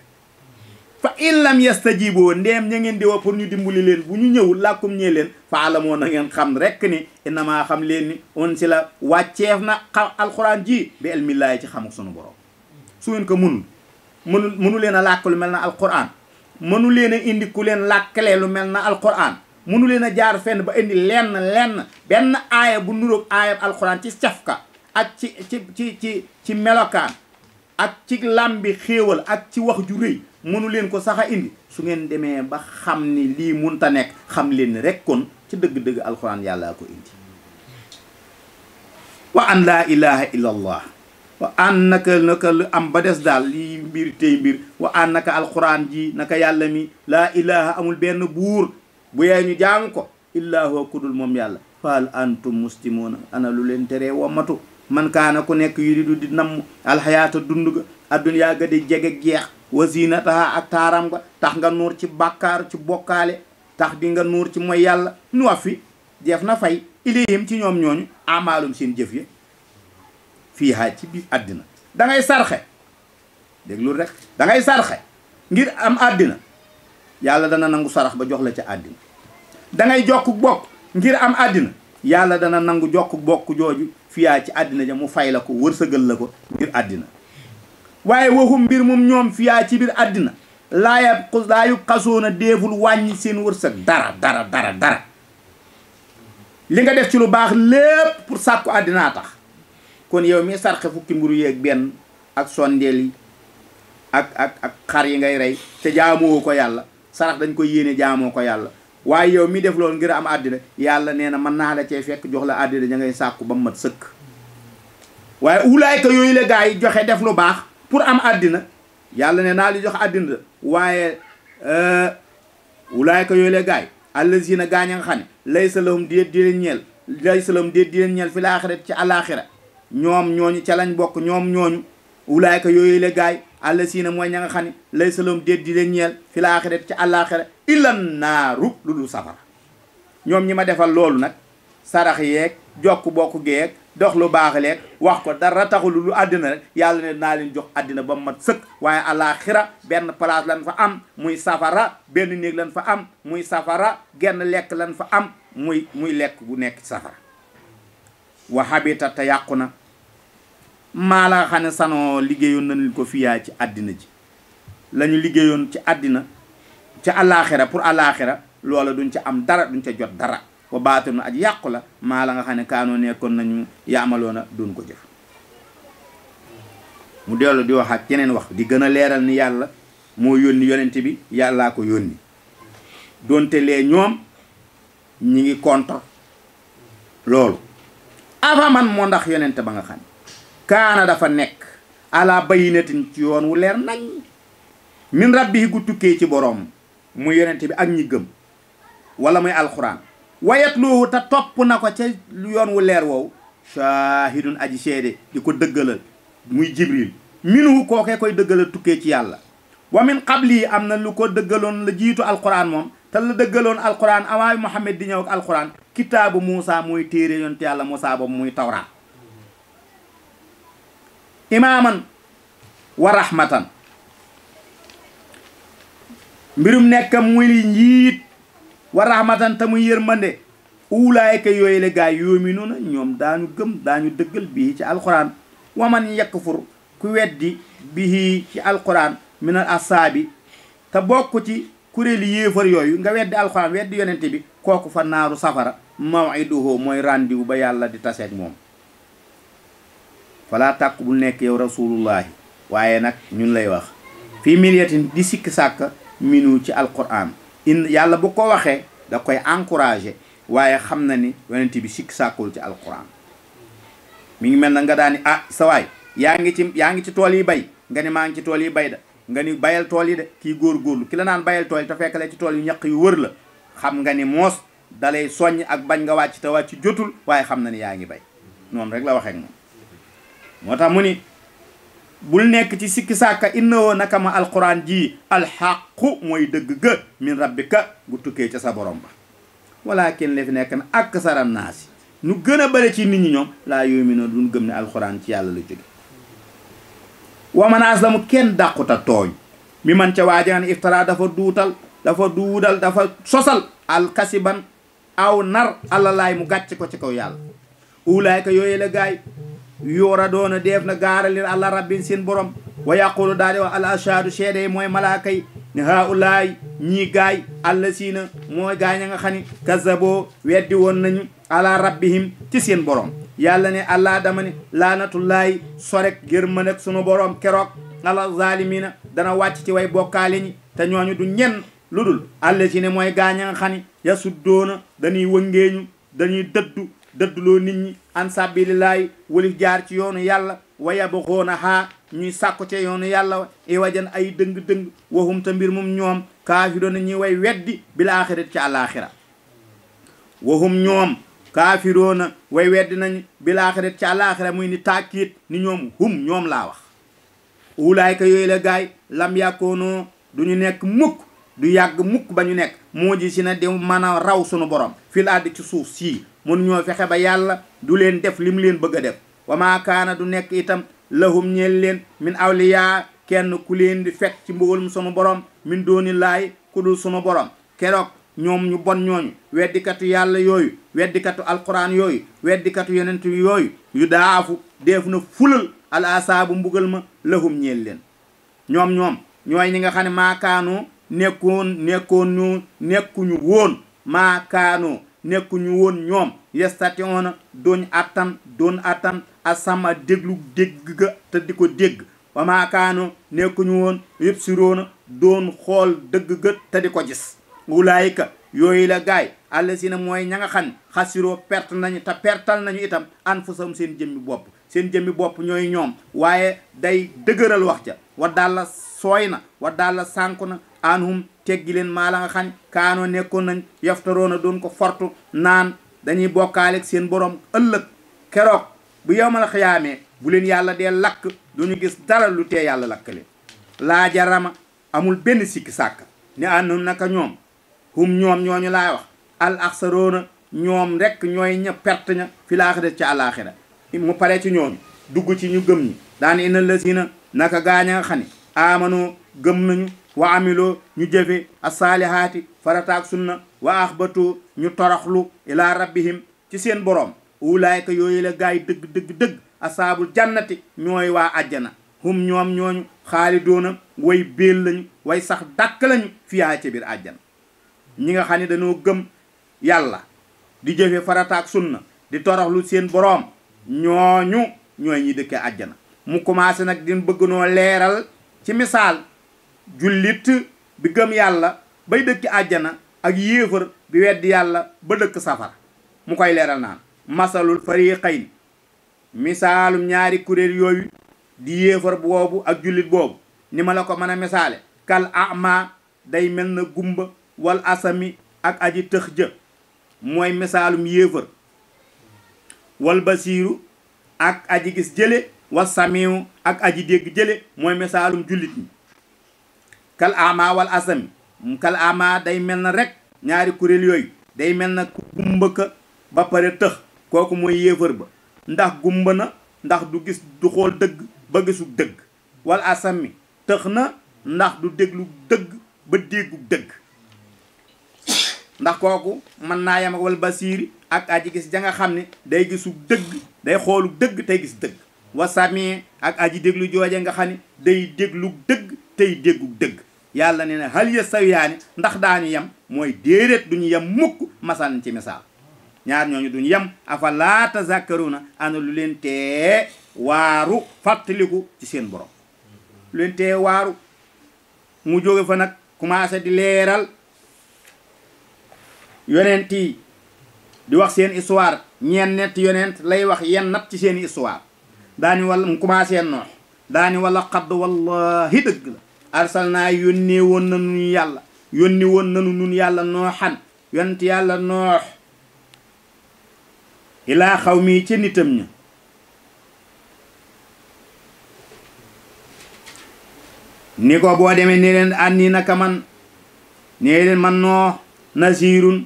S1: fa in lam yastajiboo ña ngeen di woo pour ñu dimbali leen bu ñu ñëw làkkum ñee leen fa alamoo na ngeen xam rek ni inamaa xam leen ni on si la wàcceef na xa alxuraan ji bi elmillaay ci xamuk sunu borom su ngeen ko mënul mënu mënu leen a làkk lu mel na alxuraan mënu leen a indi ku leen làkkalee lu mel na alxuraan munu leena jaar fenn ba indi lenn lenn benn aya bu nuroog aya alquran ci safka ak ci ci ci ci ci ak ci lambi xewal ak ci wax ju rëy munu leen ko saxa a indi su ngeen deme ba xamni ni munta nek xam leen rek kon ci deug deug alquran yalla ko indi wa an la ilaha illa wa an naka lu am ba des dal li mbir tey mbir wa an alquran ji naka yalla mi la ilaha amul ben buur bu yee ñu jaamu ko illaa huwa kudul moom yàlla fahal antum muslimuuna ana lu leen teree wamatu man kaana ku nekk yuridu di namm alxayaata dund ga adduniyaa ga di jege jeex wa zinataha ak taaram ga tax nga nuur ci bàkkaar ci bokkaale tax di nga nuur ci mooy yàlla nu af fi jeef na fay ilayhim ci ñoom ñooñu amaalum seen jëf yi fii haa ci biir àddina da ngay sarxe déglul rek da sarxe ngir am àddina yàlla dana nangu sarax ba jox la ca àddina dangay ngay jokk bokk ngir am àddina yàlla dana nangu jokk bokk jooju fiyaa ci àddina ja mu fay la ko wërsëgal la ko ngir àddina waaye waxum mbir moom ñoom fiyaa ci biir àddina laayab laayu xasoona déeful wàññi seen wërsëg dara dara dara dara li nga def ci lu baax lépp pour sàkku àddinaa tax kon yow mi sarxe fukki mburu yeeg benn ak sondeel yi ak ak ak xar yi ngay rey te jaamoo ko yàlla sarax dañ ko yéene jaamoo ko yàlla waaye yow mi def loolu ngir am àddina yàlla nee na mën naa la cee fekk jox la àddina da ngay sàkku ba mu mat sëkk waaye ulaayka yooyu la gaa yi joxe def lu baax pour am àddina yàlla ne naa li jox àddina waaye euh, ulaayka yooyu la gaa yi allazina gaañ a nga xam ne lay sa lahum déet di leen ñeel lay sa lahum di leen ñeel fi laaxirat ci àlaaxira ñoom ñooñu ca lañ bokk ñoom ñooñu ulaayka yooyu la gaa àlla siina mooy ña nga lay saloom déet di leen ñeel fi ci àllaaxira ilan naaru lu dul safara ñoom ñi ma defal loolu nag sarax yeeg jokk bokk geeg dox lu baax leeg wax ko dara taxul lu àddina rek yàlla ne naa leen jox àddina ba mu mat sëkk waaye àllaaxira benn place lan fa am muy safara benn néeg lan fa am muy safara genn lekk lan fa am muy muy lekk bu nekk safara wa habita te yàqu na maa la xam ne sanoo liggéeyoon nañu ko fiyaa ci àddina ji lañu liggéeyoon ci àddina ci àllaaxira pour àllaaxira loola duñ ca am dara duñ ca jot dara ko wa baatinu aj yàqu la maa la nga xam ne kaanoo nekkoon nañu yaamaloona duñ ko jëf mu dellu di wax ak yeneen wax di gën a leeral ni yàlla moo yónni yonente bi yàllaa ko yónni doonte lee ñoom ñi ngi contre loolu avant man moo ndax yonente ba nga xam kaana dafa nekk ala bayinatin ci yoon wu leer nañ min rabbi gu tukkee ci boroom mu yonent bi ak ñi gëm wala muy alxuraan wayat loowu te topp na ko ca yoon wu leer wow shaahidun aji seede di ko dëggalal muy jibril minhu kookee koy dëggalal tukkee ci yàlla wa min lii am na lu ko dëggaloon la jiitu alxuraan moom te la dëggaloon alxuraan awaayu muhammad di ñëw ak alxuraan kitaabu Muusa mooy téere yonent yàlla Muusa boobu muy tawraan imaaman wa rahmatan mbirum nekkam muy njiit wa rahmatan te yërmande ulaayka yooyu la gaa yoominuuna ñoom daañu gëm daañu dëggal bii ci alquran waman yakfur ku weddi bii ci alquran minal asaabi te bokk ci kuréel yéefar yooyu nga weddi alquran weddi yonente bi kooku fa naaru safara mawiduhu mooy ràndiwu ba yàlla di taseeg moom falaa tàkku bul nekk yow rasulullahi waaye nag ñun lay wax fii miliyatin di sikki sàkk minu ci alquran in yàlla bu ko waxee da koy encouragé waaye xam na ni yonent bi sikki sàkkul ci alquran mu ngi mel na nga daani ah sa waay yaa ngi ci yaa ngi ci tool yi bay nga ni maa ngi ci tool yi bay da nga ni bayal tool yi de kii góorgóorlu ki la naan bayal tool yi te fekk la ci tool yi ñaq yu wër la xam nga ni moos dalay soññ ak bañ nga wàcc te wàcc jotul waaye xam na ni yaa ngi bay noonu rek la waxee moo tax mu ni bul nekk ci sikki sàkka innawoo naka ma alxuraan ji alxaqu mooy dëgg ga min rabbika bu tukkee ca sa borom ba walakin li fi nekk na ak saran naasi ñu gën a bëri ci nit ñi ñoom laa yuminoo duñ gëm ne alxuraan ci yàlla la jóge wa man aslamu kenn dàquta tooñ mi man ca waajangan iftara dafa duutal dafa duudal dafa sosal alkasiban aw nar alalaay mu gàcc ko ci kaw yàlla ulaayka yooyu la gaay yora doona def na gaaralir allah rabbin seen borom wa yaqulu daal di wax al ashadu seede yi mooy malaaka yi ne haulaay ñii gaay allah siina mooy gaay ña nga xam ni kazaboo weddi woon nañu ala rabbihim ci seen borom yàlla ne allah dama ne laanatullaahi sorek gërmën ak sunu borom keroog ala zalimina dana wàcc ci way bokkaale ñi te ñooñu du ñenn lu dul si ne mooy gaay ña nga xam ni yasuddoona dañuy wëngeeñu dañuy dëddu dëdduloo nit ñi an sabilillahi walif jaar ci yoonu yàlla waya ba xoon a ñuy sàkku ca yoonu yàlla iwajan ay dëng-dëng waxum ta mbir moom ñoom kaafiroona ñuy way weddi bil aaxirat ci àlaaxira waxum ñoom kaafiroona way weddi nañ bil ci àlaaxira muy ni tàkkiit ni ñoom hum ñoom laa wax ulaayka yooyu la gaay lam yàkkoonoo duñu nekk mukk du yàgg mukk ba ñu nekk moo ji si na di mën a raw sunu borom fil àddi ci suuf sii mun ñoo fexe ba yàlla du leen def li mu leen bëgg a def wa maa kaana du nekk itam lahum ñeel leen min awliyaa kenn ku leen di fekk ci mbugalum sunu borom min dooni laay ku dul sunu borom keroog ñoom ñu bon ñooñu weddikatu yàlla yooyu weddikatu alquran yooyu weddikatu yonent yooyu yu daafu def na fulal al asaabu mbugal ma lahum ñeel leen ñoom ñoom ñooy ñi nga xam ne nekkoon nekkoon ñu nekkuñu woon maakaanu nekkuñu woon ñoom yestati ona doñ attan doon attan a déglu dégg ga te di ko dégg wa maakaanu nekkuñu woon yëpp siroona doon xool dëgg ga te di ko gis wulaayika yooyu la gaay àll mooy ña nga xam xasiroo perte nañu te pertal nañu itam an sam seen jëmmi bopp seen jëmmi bopp ñooy ñoom waaye day dëgëral wax ja wa daal sooy na wa daal la na anhum teggi leen maa la nga xam kaanoo nekkoon nañ yaftaroona doon ko fortu naan dañuy bokkaaleeg seen boroom ëllëg keroog bu yowmal xiyaamee bu leen yàlla dee lakk ñu gis dara lu tee yàlla lakk leen laa amul benn sikki sàkk ne annum naka ñoom hum ñoom ñooñu laay wax al axsaroona ñoom rekk ñooy ña perte ña fi laaxira ci àlaaxira mu pare ci ñooñu dugg ci ñu gëm ñi daan ina lësina naka gaaña nga xam ne gëm nañu wa amiloo ñu jëfe a saalihaati farataak sunna wa axbatoo ñu toroxlu ilaa rabbihim ci seen boroom ulaayka yooyu la gaay dëgg dëgg dëgg asaabul jannati ñooy waa àjjana hum ñoom ñooñu xaalidoona way béel lañu way sax dàkk lañu fiyaa ci biir àjjana ñi nga xam ne dañoo gëm yàlla di jëfe farataak sunna di toroxlu seen boroom ñooñu ñooy ñi dëkkee àjjana mu commencé nag din bëgg noo leeral ci misaal jullit bi gëm yàlla bay dëkk àjjana ak yéefar bi weddi yàlla ba dëkk safara mu koy leeral naan masalul fariqayn misaalum ñaari kuréel yooyu di yéefar boobu ak jullit boobu ni ma la ko mën a misaale kal ama day mel na gumba wal asami ak aji tëx ja mooy misaalum yéefar wal basiiru ak aji gis jële wa samiu ak aji dégg jële mooy misaalum jullit ñi kal ama wal asami kal ama day mel na rekk ñaari kuréel yooyu day mel na gumbaka ba pare tëx kooku mooy yéefar ba ndax gumba na ndax du gis du xool dëgg ba gisul dëgg wal asami tëx na ndax du déglu dëgg ba dëgg ndax kooku mën naa yam ak wal basiiri ak aji gis ja nga xam ne day gisu dëgg day xoolu dëgg tey gis dëgg wa ak aji déglu jooje nga xam ne day déglu dëgg tey déggu dëgg yàlla ne ne hal ya sawiyaani ndax daañu yam mooy déedéet duñu yem mukk masan ci misaal ñaar ñooñu duñu yem afa laa na ana lu leen tee waaru fàttaliku ci seen borom lu leen tee waaru mu jóge fa nag commencé di leeral yonent yi di wax seen histoire ñeen nett yonent lay wax yenn nat ci seen histoire daani wala mu commencé noox daani wala xadd wallahi dëgg arsalnaa yónnee woon nanu nun yàlla yónni woon nanu nun yàlla nooxan yonent yàlla noox ilaa xaw mii ca nitam ña ni ko boo demee ni leen ànni naka man nee leen man noo nasiirun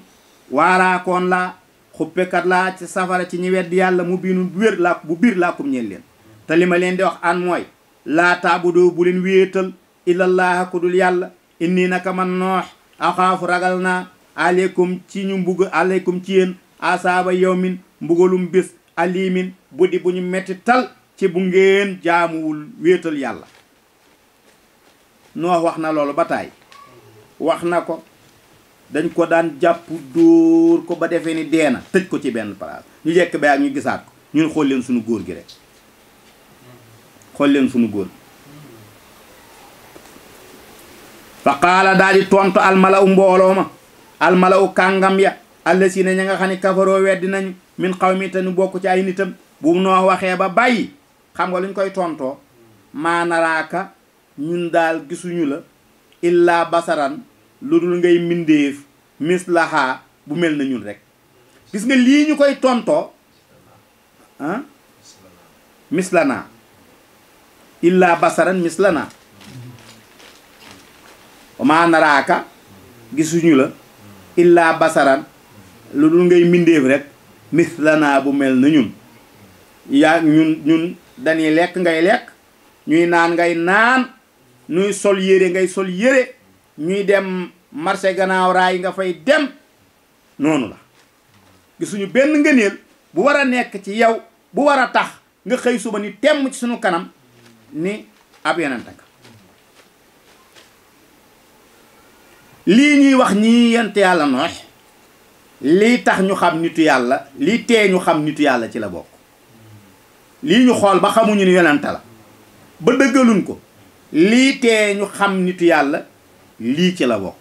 S1: waaraakoon laa xuppekat laa ci safara ci ñi wedd yàlla mu biinun biir laakum ñeen leen te di wax an mooy laa taabudoo bu leen wéetal illallah ku dul yàlla indi naka man noox axaafu ragal naa aleykum ci ñu mbug aleykum ci yéen asaaba yawmin mbugalum bés alimin bu di bu ñu metti tal ci bu ngeen jaamuwul wéetal yàlla noox wax na loolu ba taay wax na ko dañ ko daan jàpp dóor ko ba defee ni dee tëj ko ci benn place ñu jekk ba ak ñu gisaat ko ñun xool leen suñu góor gi rek xool leen sunu góor gi fa qaala daal di tontu almala u mbooloo ma almala kàngam ya allasiina ña nga xam ne kafaroo weddi nañu min xawmi te ñu bokk ci ay nitam bu noo waxee ba bàyyi xam nga lu ñu koy tontoo maanaraaka ñun daal gisuñu la illaa basaran lu dul ngay mbindéef mislaha bu mel na ñun rek gis nga lii ñu koy tontoo ah mislana illaa basaran mislana maa naraaka gisuñu la illaa basaran lu dul ngay mbindéef rek mislanaa bu mel na ñun yaa ñun ñun dañuy lekk ngay lekk ñuy naan ngay naan ñuy sol yére ngay sol yére ñuy dem marché gannaaw raay nga fay dem noonu la gisuñu benn ngëneel bu war a nekk ci yow bu war a tax nga xëy suba ni temm ci suñu kanam ni ab yonent nga lii ñuy wax ñii yent yàlla noox lii tax ñu xam nitu yàlla lii tee ñu xam nitu yàlla ci la bokk lii ñu xool ba xamuñu ni yonente la ba dëggaluñ ko lii tee ñu xam nitu yàlla lii ci la bokk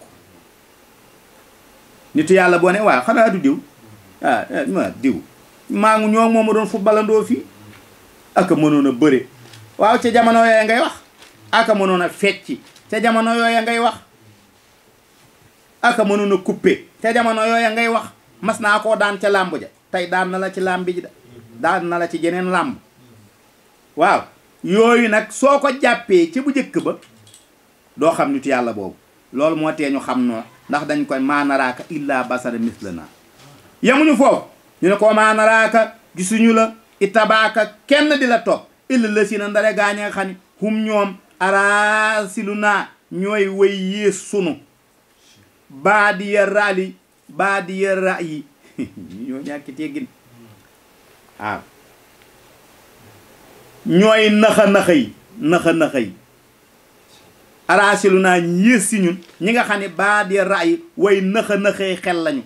S1: nitu yàlla boo ne waaw xanaa du diw ah eh, diw maa ngi ñoo moom a doon futbalandoo fii aka mënoon a bëre waaw ca jamono yooya ngay wax aka mënoon a fecc ca jamono yooya ngay wax aka mënu na couper té jamono yoy ngay wax mas na ko daan ci lamb ja tay daan na la ci lamb ji daan na la ci jenen lamb waaw yoy nak soko ko ci bu jëk ba do xam nitu yàlla boobu loolu moo tee ñu xam no ndax dañ koy manaraka illa basara mislana naa fo ñu ko manaraka gisunu la itabaka kenn di la top illa la ndare gañe xani hum ñom arasiluna ñoy baadiya raali baadiya raayi (laughs) ñoo ñàkki teggin waaw ah. ñooy naxa naxa yi naxa yi araasilu naa yées si ñun ñi nga xam ne baadiya raayi way naxa naxay xel lañu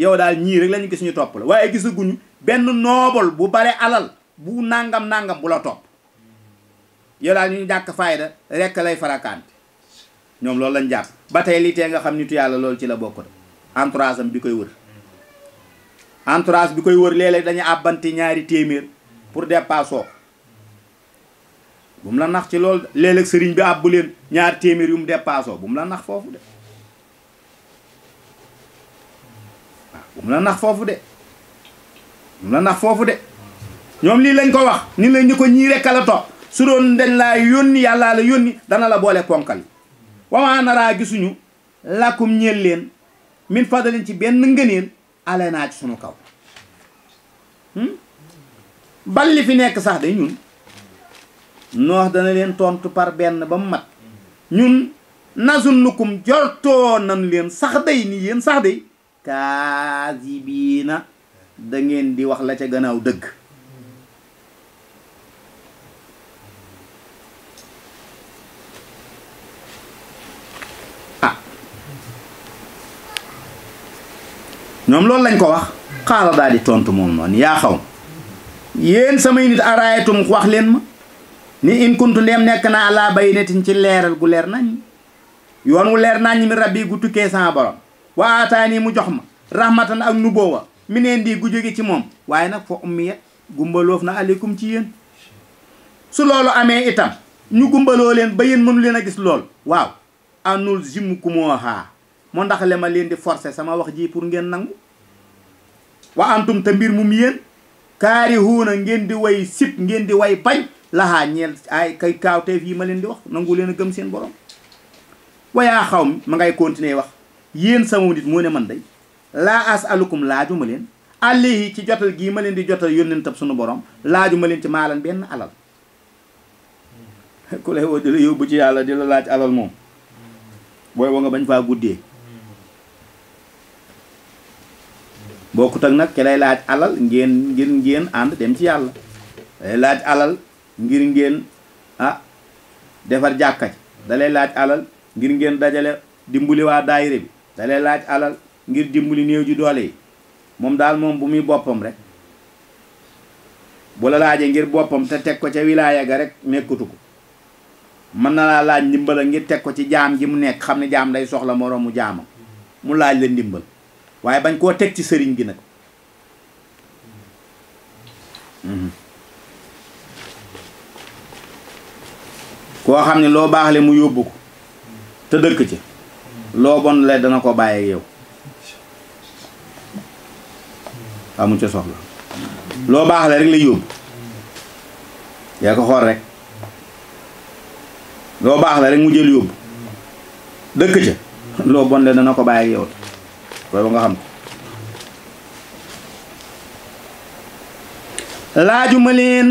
S1: yow daal ñii rek lañu gis ñu topp la waaye gisaguñu benn noobal bu bare alal bu nangam nangam bu la topp yow daal ñu jàkk fayda rekk lay farakaan ñoom loolu lañ jàpp ba tey li tee nga xam nitu yàlla loolu ci la bokk entourage am bi koy wër entourage bi koy wër léeg-léeg dañu àbbanti ñaari téeméer pour dépassoo bu mu la nax ci loolu léeg sëriñ bi àbbu leen ñaari mu dépassoo bu mu la nax foofu de waaw bu mu la nax foofu de bu mu foofu de ñoom lii lañ ko wax ni lañ ñu ko ñii rekk la topp su doon dañ laa yónni yàllaa la yónni dana la boole ponkal wamaa naraa gisuñu làkkum ñeel leen min fadalin ci benn ngëneel ale naa ci sunu kaw hmm? bal li fi nekk sax de ñun noox dana leen tontu par benn ba mu mat ñun nasu nukum jortoo nan leen sax day ni yéen sax day kaasibiina da ngeen di wax la ca gannaaw dëgg ñoom loolu lañ ko wax xaala daal di tontu moom noonu yaa xaw yéen samay nit araayatum wax leen ma ni in kuntu ndeem nekk naa laa ne baynatin ci leeral gu leer nañ yoon wu leer nañ mi rabbi gu tukkee sama borom wa aataani mu jox ma rahmatan ak nuboowa mi neen di gu jóge ci moom waaye nag fa ummiyat gumbaloof na aleykum ci yéen su loolu amee itam ñu gumbaloo leen ba yéen mënu leen a gis lool waaw anul jim kumooxaa mu ndax le ma leen di forcer sama wax jii pour ngeen nangu wa antum te mbir mum yéen kaarihuuna ngeen di way sib ngeen di way bañ laxaa ñeel ay kay kaawteef yi ma leen di wax nangu leen a gëm seen borom wayaa xaw mi ma ngay continuer wax yéen sama nit moo ne man day laa as alukum laaju ma leen allihi ci jotal gii ma leen di jotal yónnentab sunu borom laaju ma leen ci maalan benn alal (laughs) ku lay woo di la yóbbu ci yàlla di la laaj alal moom booy wa bañ faa guddee bokkut ak nag ki lay laaj alal ngeen ngir ngeen ànd ci yàlla laaj alal ngir ngeen ah, defar jàkka ji da laaj alal ngir ngeen dajale dimbali waa daayire bi da laaj alal ngir dimbali néew ji doole yi moom daal moom bu muy boppam rek bu la laajee ngir boppam te teg ko ca wilaaya ga rek nekkutu ko mën na laa laaj ndimbal ngir teg ko ci jaam ji mu nekk xam ne jaam day soxla moroomu jaamam mu laaj la ndimbal waaye bañ koo teg ci sëriñ bi nag mhm. koo xam ne loo baaxle mu yóbbu ko te dëkk ci loo bon le dana ko bàyyi yow amu ca soxla loo baaxle rek la yóbbu yaa ko xool rek loo baax la rek mu jël yóbbu dëkk ca loo bon le dana ko bàyyi yow Laju nga xam Laju melin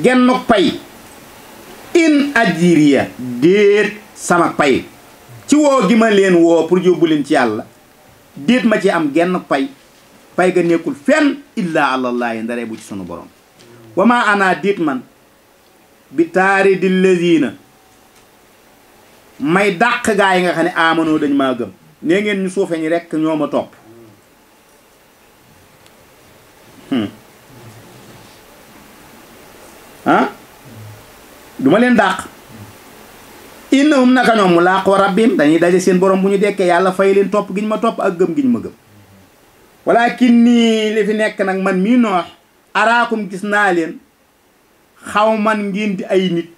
S1: genok pay in ajiria dit sama pay ci woo gi ma leen woo pour yóbbu ci ma am genok pay pay ga nekkul fenn illaa àlallaahi ndaree bu borom Wama ana dit man bitari di lazina may dak gaay nga xane ne dañ ma gëm nee ngeen ñu suufe ñi rekk ñoo ma topp hmm. ah duma leen dàq innahum naka ñoom mu laaq wa rabbim dañuy daje seen borom bu ñu dekkee yàlla fay leen topp giñ ma topp ak gëm giñ ma gëm walakin nii li fi nekk nag man mii noox araakum gis naa leen xaw man ngeen di ay nit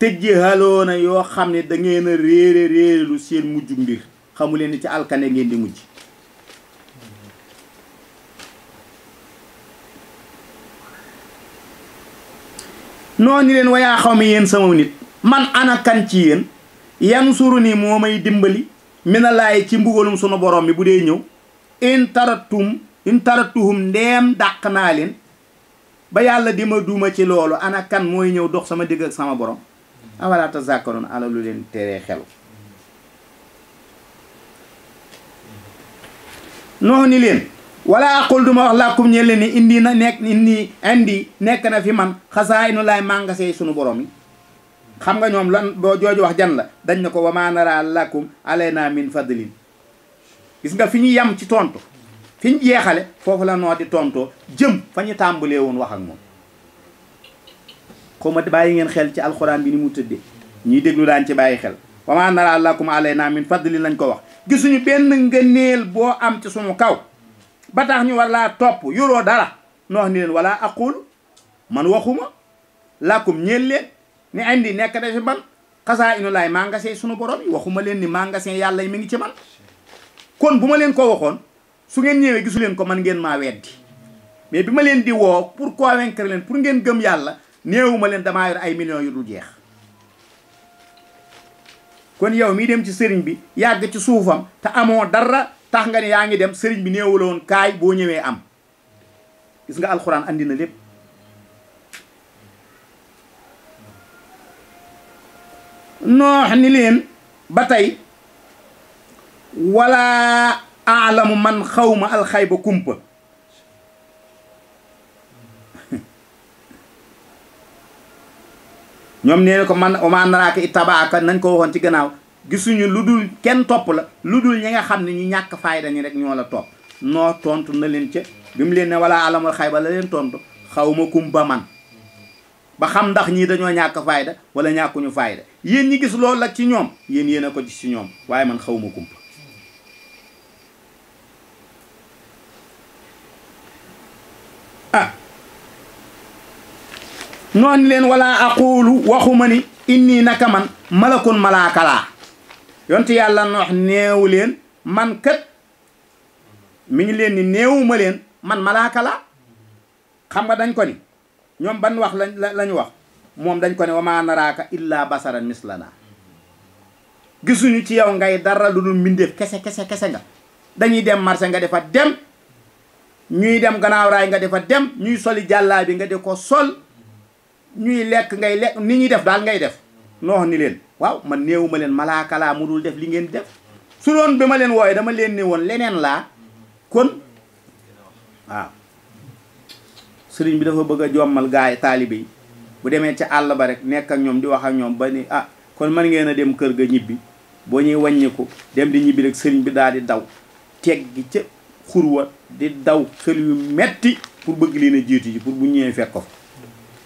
S1: tëjji yoo xam ne da ngeen a réere réere seen mujjug mbir xamu leen ni ci alkane ngeen di mujj noonu leen wayaa xaw mi yéen sama nit man ana ci yéen yan suru nii moo may dimbali mina laay ci mbugalum sunu borom mi bu dee ñëw in taratum in taratuhum ndeem dàq naa leen ba yàlla di ma duuma ci loolu anakan mooy ñëw dox sama digg ak sama borom awalaata zàkkaroon ala lu leen teree xelu noo ni leen wala aqul duma wax làkkum ñe ni indi na nekk indi indi nekk na fi man xasaa inu laay màngasey sunu borom yi xam nga ñoom lan boo jooju wax jan la dañ na ko wama nara lakum alayna min fadlin gis nga fi ñu yem ci tontu fi ñu jeexale foofu la noo di tontoo jëm fa tàmbalee woon wax ak moom xaw ma bàyyi ngeen xel ci alxuraan bi ni mu tëddee ñuy déglu daan ci bàyyi xel wama nara lakum alayna min fadlin lañ ko wax gisuñu benn ngëneel boo am ci suñu kaw ba tax ñu war laa topp yoroo dara noox ni leen wala aqulu man waxuma lakum ñeel leen ni indi nekk da man ban xasaa inu laay magasin suñu borom yi waxuma leen ni magasin yàlla yi mi ngi ci man kon bu ma leen ko waxoon su ngeen ñëwee gisu leen ko man ngeen maa weddi mais bi ma leen di woo pour convaincre leen pour ngeen gëm yàlla néewuma leen damaa yor ay millions yu dul jeex kon yow mii dem ci sëriñ bi yàgg ci suufam te amoo dara tax nga yaa ngi dem sëriñ bi néewul woon kaay boo ñëwee am gis nga alxuraan andi na lépp noox ni leen ba tey wala aalamu man xawma alxayba kumpa ñoom nee na ko man omaa naraaka ittabaaka nañ ko waxoon ci gannaaw gisuñu lu dul kenn topp la lu dul ñi nga xam ne ñu ñàkk fayda ñi rek ñoo la topp noo tontu na leen ca bi mu leen ne wala alamul xayba la leen tontu xaw ma kum ba man ba xam ndax ñii dañoo ñàkk fayda wala ñàkkuñu fayda yéen ñi gis lool la ci ñoom yéen yéen a ko ci ñoom waaye man xaw ma kum non len wala aqulu waxuma ni inni naka man malakun malakala yonti yalla no neewu man kat mi ngi len ni neewuma len man malakala. xam nga dañ ko ni ñom ban wax lañ wax mom dañ ko ni wama naraka illa basaran mislana gisunu ci yow ngay dara lu dul mbindeef kese kese kese nga dañuy dem marché nga defa dem ñuy dem gannaaw raay nga defa dem ñuy soli nga de ko sol ñuy lekk ngay lekk ni ñuy def daal ngay def noox ni leen waaw man néewuma leen malaaka laa mu dul def li ngeen def su loon bi ma leen wooyee dama leen ne woon leneen laa kon waaw sëriñ bi dafa bëgg a jommal gaay taalibe yi bu demee ca àll ba rek nekk ak ñoom di wax ak ñoom ba ni ah kon man ngeen a dem kër ga ñibbi boo ñuy wàññiku dem di ñibbi rek sëriñ bi daal di daw teg gi ca xurwa di daw xel yu metti pour bëgg leen a jiitu yi pour bu ñëwee fekk ko fa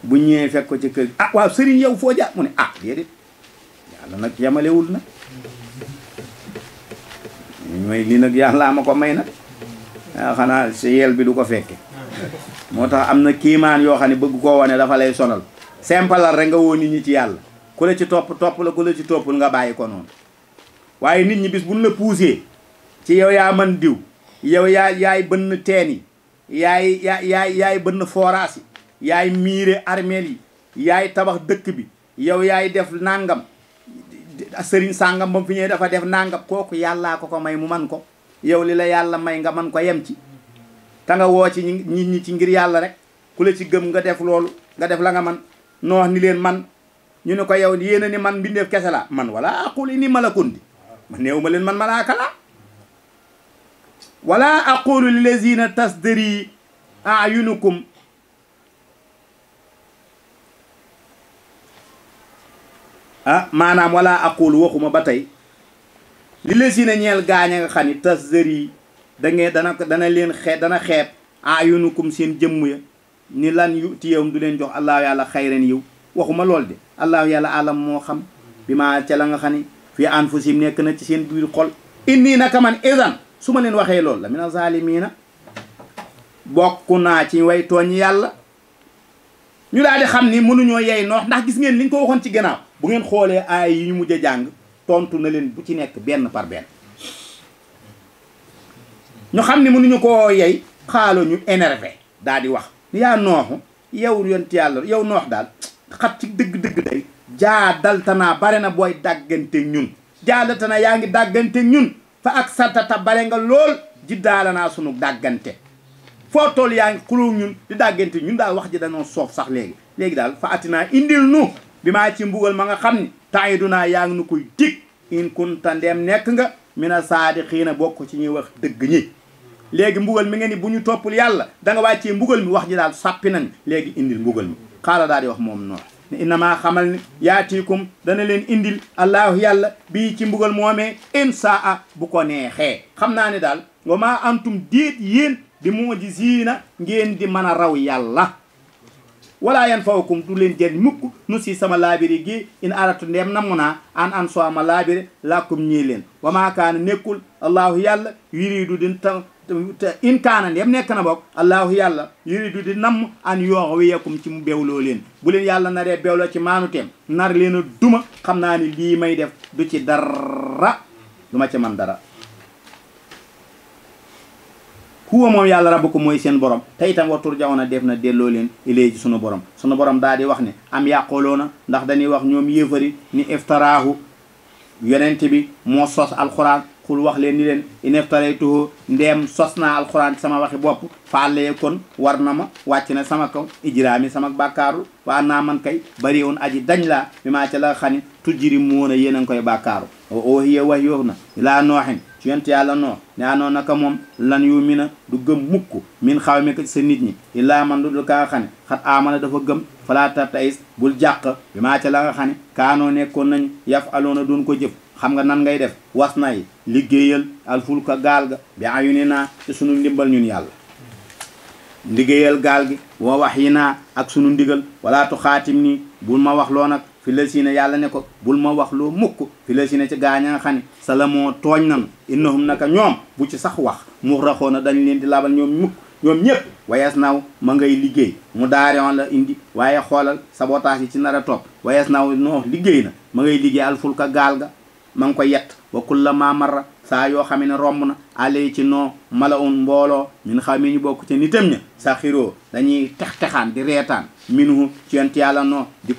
S1: bu ñëwee fekk ko ci kër ah waaw sëriñ yow foo jaar mu ne ah déedéet yàlla nag yemalewul na mooy lii nag yàlla ma ko may nag ah, xanaa si bi du ko fekke moo tax am na kiimaan yoo xam ne bëgg koo wane dafa lay sonal simpalal rek nga woo nit ñi ci yàlla ku la ci topp topp la ku la ci toppul nga bàyyi ko noonu waaye nit ñi bis buñ la poussé ci yow yaa mën diw yow yaa yaay bënn teen yi yaay yaa yaay yaay bënn forage yi yaay miire armeel yi yaay tabax dëkk bi yow yaay def nangam sëriñ sàngam ba mu fi dafa def nangam kooku yàllaa ko ko may mu man ko yow li la yàlla may nga man ko yem ci te woo ci nit ñi ci ngir yàlla rek ku la ci gëm nga def loolu nga def la nga man noox ni leen man ñu ne ko yow yéen a ni man mbindeef kese la man wala aqul inni malakun di ma néew ma leen Ah, maanaam wala aqulu waxuma ba tey li la si ne ñeel gaaña nga xam ni tas dër yi da ngeen dana dana leen xee dana xeeb ayunukum seen jëmm ya ni lan yu tiyewum du leen jox allaahu yàlla xayran yiw waxuma lool de allaahu yàlla alam moo xam bi ma ca la nga xam ni fii anfusim nekk na ci seen biir xol inni naka man idan su ma leen waxee loolu la mina zaalimiina bokk naa ci way tooñ yàlla ñu daal di xam ni mënuñoo yey noox ndax gis ngeen liñ ko waxoon ci gannaaw bu ngeen xoolee aay yi ñu mujj a jàng tontu na leen bu ci nekk benn par benn ñu xam ne mënuñu ko yey xaalo ñu énervé daal di wax yaa nooxu yow yont yàlla yow noox daal xat ci dëgg-dëgg day jaa daltanaa bare na booy dàggante ñun jaa daltanaa yaa ngi dàggante ñun fa ak sartata bare nga lool ji daala naa sunu dàggante foo tool yaa ngi xuloo ñun di dàggante ñun daal wax ji dañoo soof sax léegi léegi daal fa atinaa indil nu bi maa ci mbugal ma nga xam ni taidunaa yaa ngi nu koy dig in kunta ndeem nekk nga mina saadiqiina bokk ci ñuy wax dëgg ñi léegi mbugal mi ngeen ni bu ñu toppul yàlla da nga wàccee mbugal mi wax ji daal sàppi nañ léegi indil mbugal mi xaala daal di wax moom noonu ne innamaa xamal ni yaatiikum dana leen indil allahu yàlla bii ci mbugal moomee insa a bu ko neexee xam naa ne daal wa maa antum déet yéen bi moo ji ziina ngeen di mën a raw yàlla wala yan fawakum du leen jël mukk nu si sama laabiri gi in aratu ndeem namu naa an an soo ma laabiri làkkum ñii leen wa maa kaana nekkul allahu yàlla yuridu din ta in kaana ndeem nekk na bokk allahu yàlla yuridu di namm an yoox wiyakum ci mu bewloo leen bu leen yàlla naree bewloo ci maanu teem nar leen a duma xam naa ni lii may def du ci dara du ma ci man dara huwa moom yàlla ko mooy seen borom te itam watur jawoona def na delloo leen ilay ci sunu borom sunu borom daa di wax ne am na ndax dañuy wax ñoom yéefari ni iftaraahu yonent bi moo sos alxuraan kul wax leen ni leen ineftaraytuhu ndeem sos naa alxuraan ci sama waxi bopp faalee kon war na ma wàcc na sama kaw ijraami sama bàkkaaru waa naa man kay bari un aji dañ laa bi maa ca la xani tujjiri muuna yéen a ngi koy bàkkaaru o ooxiye wax yoox na laa ci yonent yàlla noo ne anoo naka moom lan yu mi na du gëm mukk min xaw sa nit ñi illaa man du ka nga xat aamana dafa gëm falaa tartais bul jàq bi maa ca la nga xam ne kaanoo nekkoon nañ yaf aloona doon ko jëf xam nga nan ngay def was nay liggéeyal alfulka gaal ga bi ayu ni naa ci sunu ndimbal ñun yàlla liggéeyal gaal gi woo wax yi naa ak sunu ndigal walaatu xaatim nii bul ma wax loo nag fi la si yàlla ne ko bul ma wax loo mukk fi la si ne ci gaaña nga xam sa la moo tooñ nan innahum naka ñoom bu ci sax wax mu raxoona dañu leen di labal ñoom mukk ñoom ñëpp wayes naaw ma ngay liggéey mu daarion la indi waaye xoolal sabotage yi ci nara a topp naaw noo liggéey na ma ngay liggéey alfulka gaal ga ma ngi ko yet bokkul la ma marra saa yoo xam ne romb na ale ci noo mala un mbooloo min xam ñu bokk ci nitam ña sa xiroo dañuy tex-texaan di reetaan ci yàlla noo di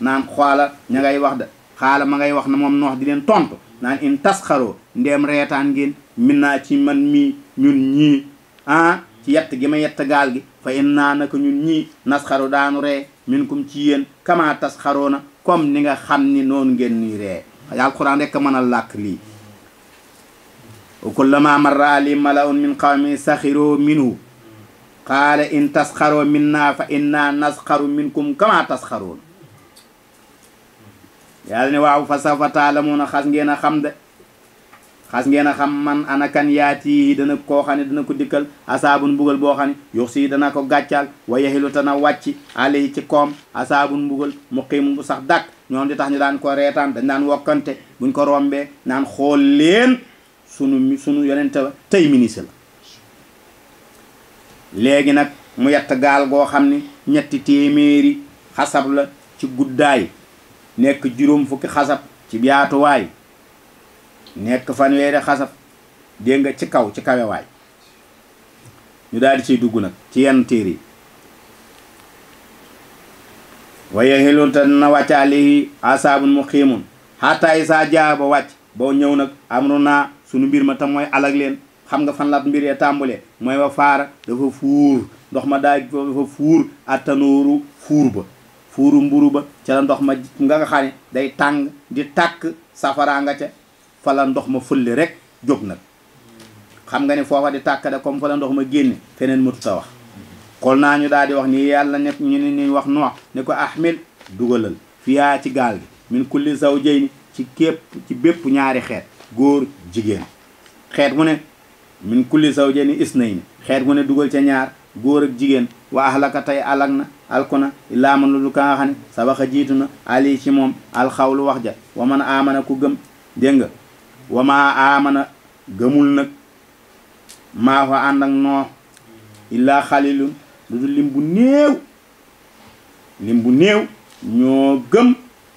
S1: naan xoola ña wax de xaala ma ngay wax na moom noox di leen tontu naan in tasxaroo ndeem reetaan ngeen min naa ci man mi ñun ñii ah ci yett gi ma yett gaal gi fa in naa naka ñun ñii nasxaru daanu ree min kum ci yéen kama tasxaroo na comme ni nga xam ni noon ngeen nii ree alquran rek mën a làkk lii wa kullama marra ali malaun min qawmi saxiroo minhu qaala in tasxaroo min naa fa inna nasxaru minkum kama tasxaroon yàlla ne waaw fa safa taalamuuna xas ngeen a xam de xas ngeen a xam man anakan yaati dana ko xam ne dana ko dikkal asaabu mbugal boo xam ne yux si dana ko gàccaal wa yexilu tana wàcc alayi ci koom asaabu mbugal muqiim bu sax dàkk ñoom di tax ñu daan ko reetaan dañ daan wokkante buñ ko rombee naan xool leen sunu sunu yonente tey ministre la léegi nag mu yett gaal goo xam ne ñetti téeméeri xasab la ci guddaay nekk juróom fukki xasab ci yaatuwaay nekk fanweeri xasab dégg nga ci kaw ci kawewaay ñu daal di ciy dugg nag ci yenn téere yi waaye xelunte na wàcc alihi asaabun mu xiimun xaataa yi saa jaa wàcc boo ñëw nag amru naa sunu mbir ma tam mooy alag leen xam nga fan la mbir ya tàmbule mooy wa faara dafa fuur ndox ma daay dafa fuur attanuuru fuur ba fuuru mburu ba ca la ndox ma nga nga day tàng di tàkk safaraa nga ca fa la ndox ma fëlli rek jóg nag xam nga ne foofa di tàkk da comme fa la ndox ma génne feneen matut a wax xool naa ñu daal di wax ni yàlla nekk ñu ne ni wax noox ne ko ahmil dugalal fiyaa ci gaal gi min kulli zawjayni ci képp ci bépp ñaari xeet góor jigéen xeet mu ne min kulli zawjayni isnayni xeet bu ne dugal ca ñaar góor ak jigéen wa ahlaka tey alag na alkuna illaa man lu ka nga xam sabaxa jiitu na ali ci moom alxawlu wax ja wa man aamana ku gëm dégg nga wa maa aamana gëmul nag maa fa ànd ak illaa xalilun lu du lim bu néew lim bu néew ñoo gëm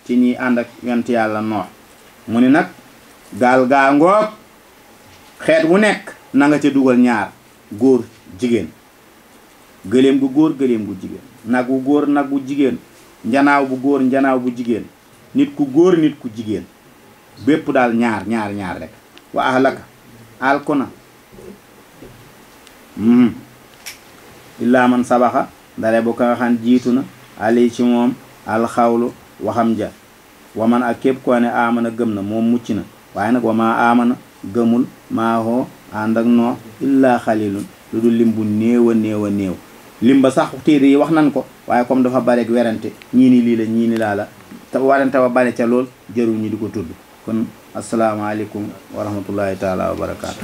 S1: ci ñiy ànd ak yàlla noox mu ni nag gaal gaa ngoog xeet wu nekk na nga ca dugal ñaar góor jigéen gëléem gu góor gëléem gu jigéen nag wu góor nag wu jigéen njanaaw bu góor njanaaw bu jigéen nit ku góor nit ku jigéen bépp daal ñaar ñaar ñaar rek wa ahlaka alku na hmm. illaa man sabaxa dare bu ka nga xam jiitu na ali ci moom alxawlu waxam ja waman ak képp koo amana gëm na moom mucc na waaye nag wama amana gëmul maahoo ànd ak noo illaa xalilun lu du lim bu néewa néewa néew néew lim ba sax téere yi wax nan ko waaye comme dafa bareeg werante ñiini lii la ñiini ni laa la te warante ba bare ca lool jarul ñi di ko tudd kon asalaamaaleykum wa rahmatullahi taala wa barakaatu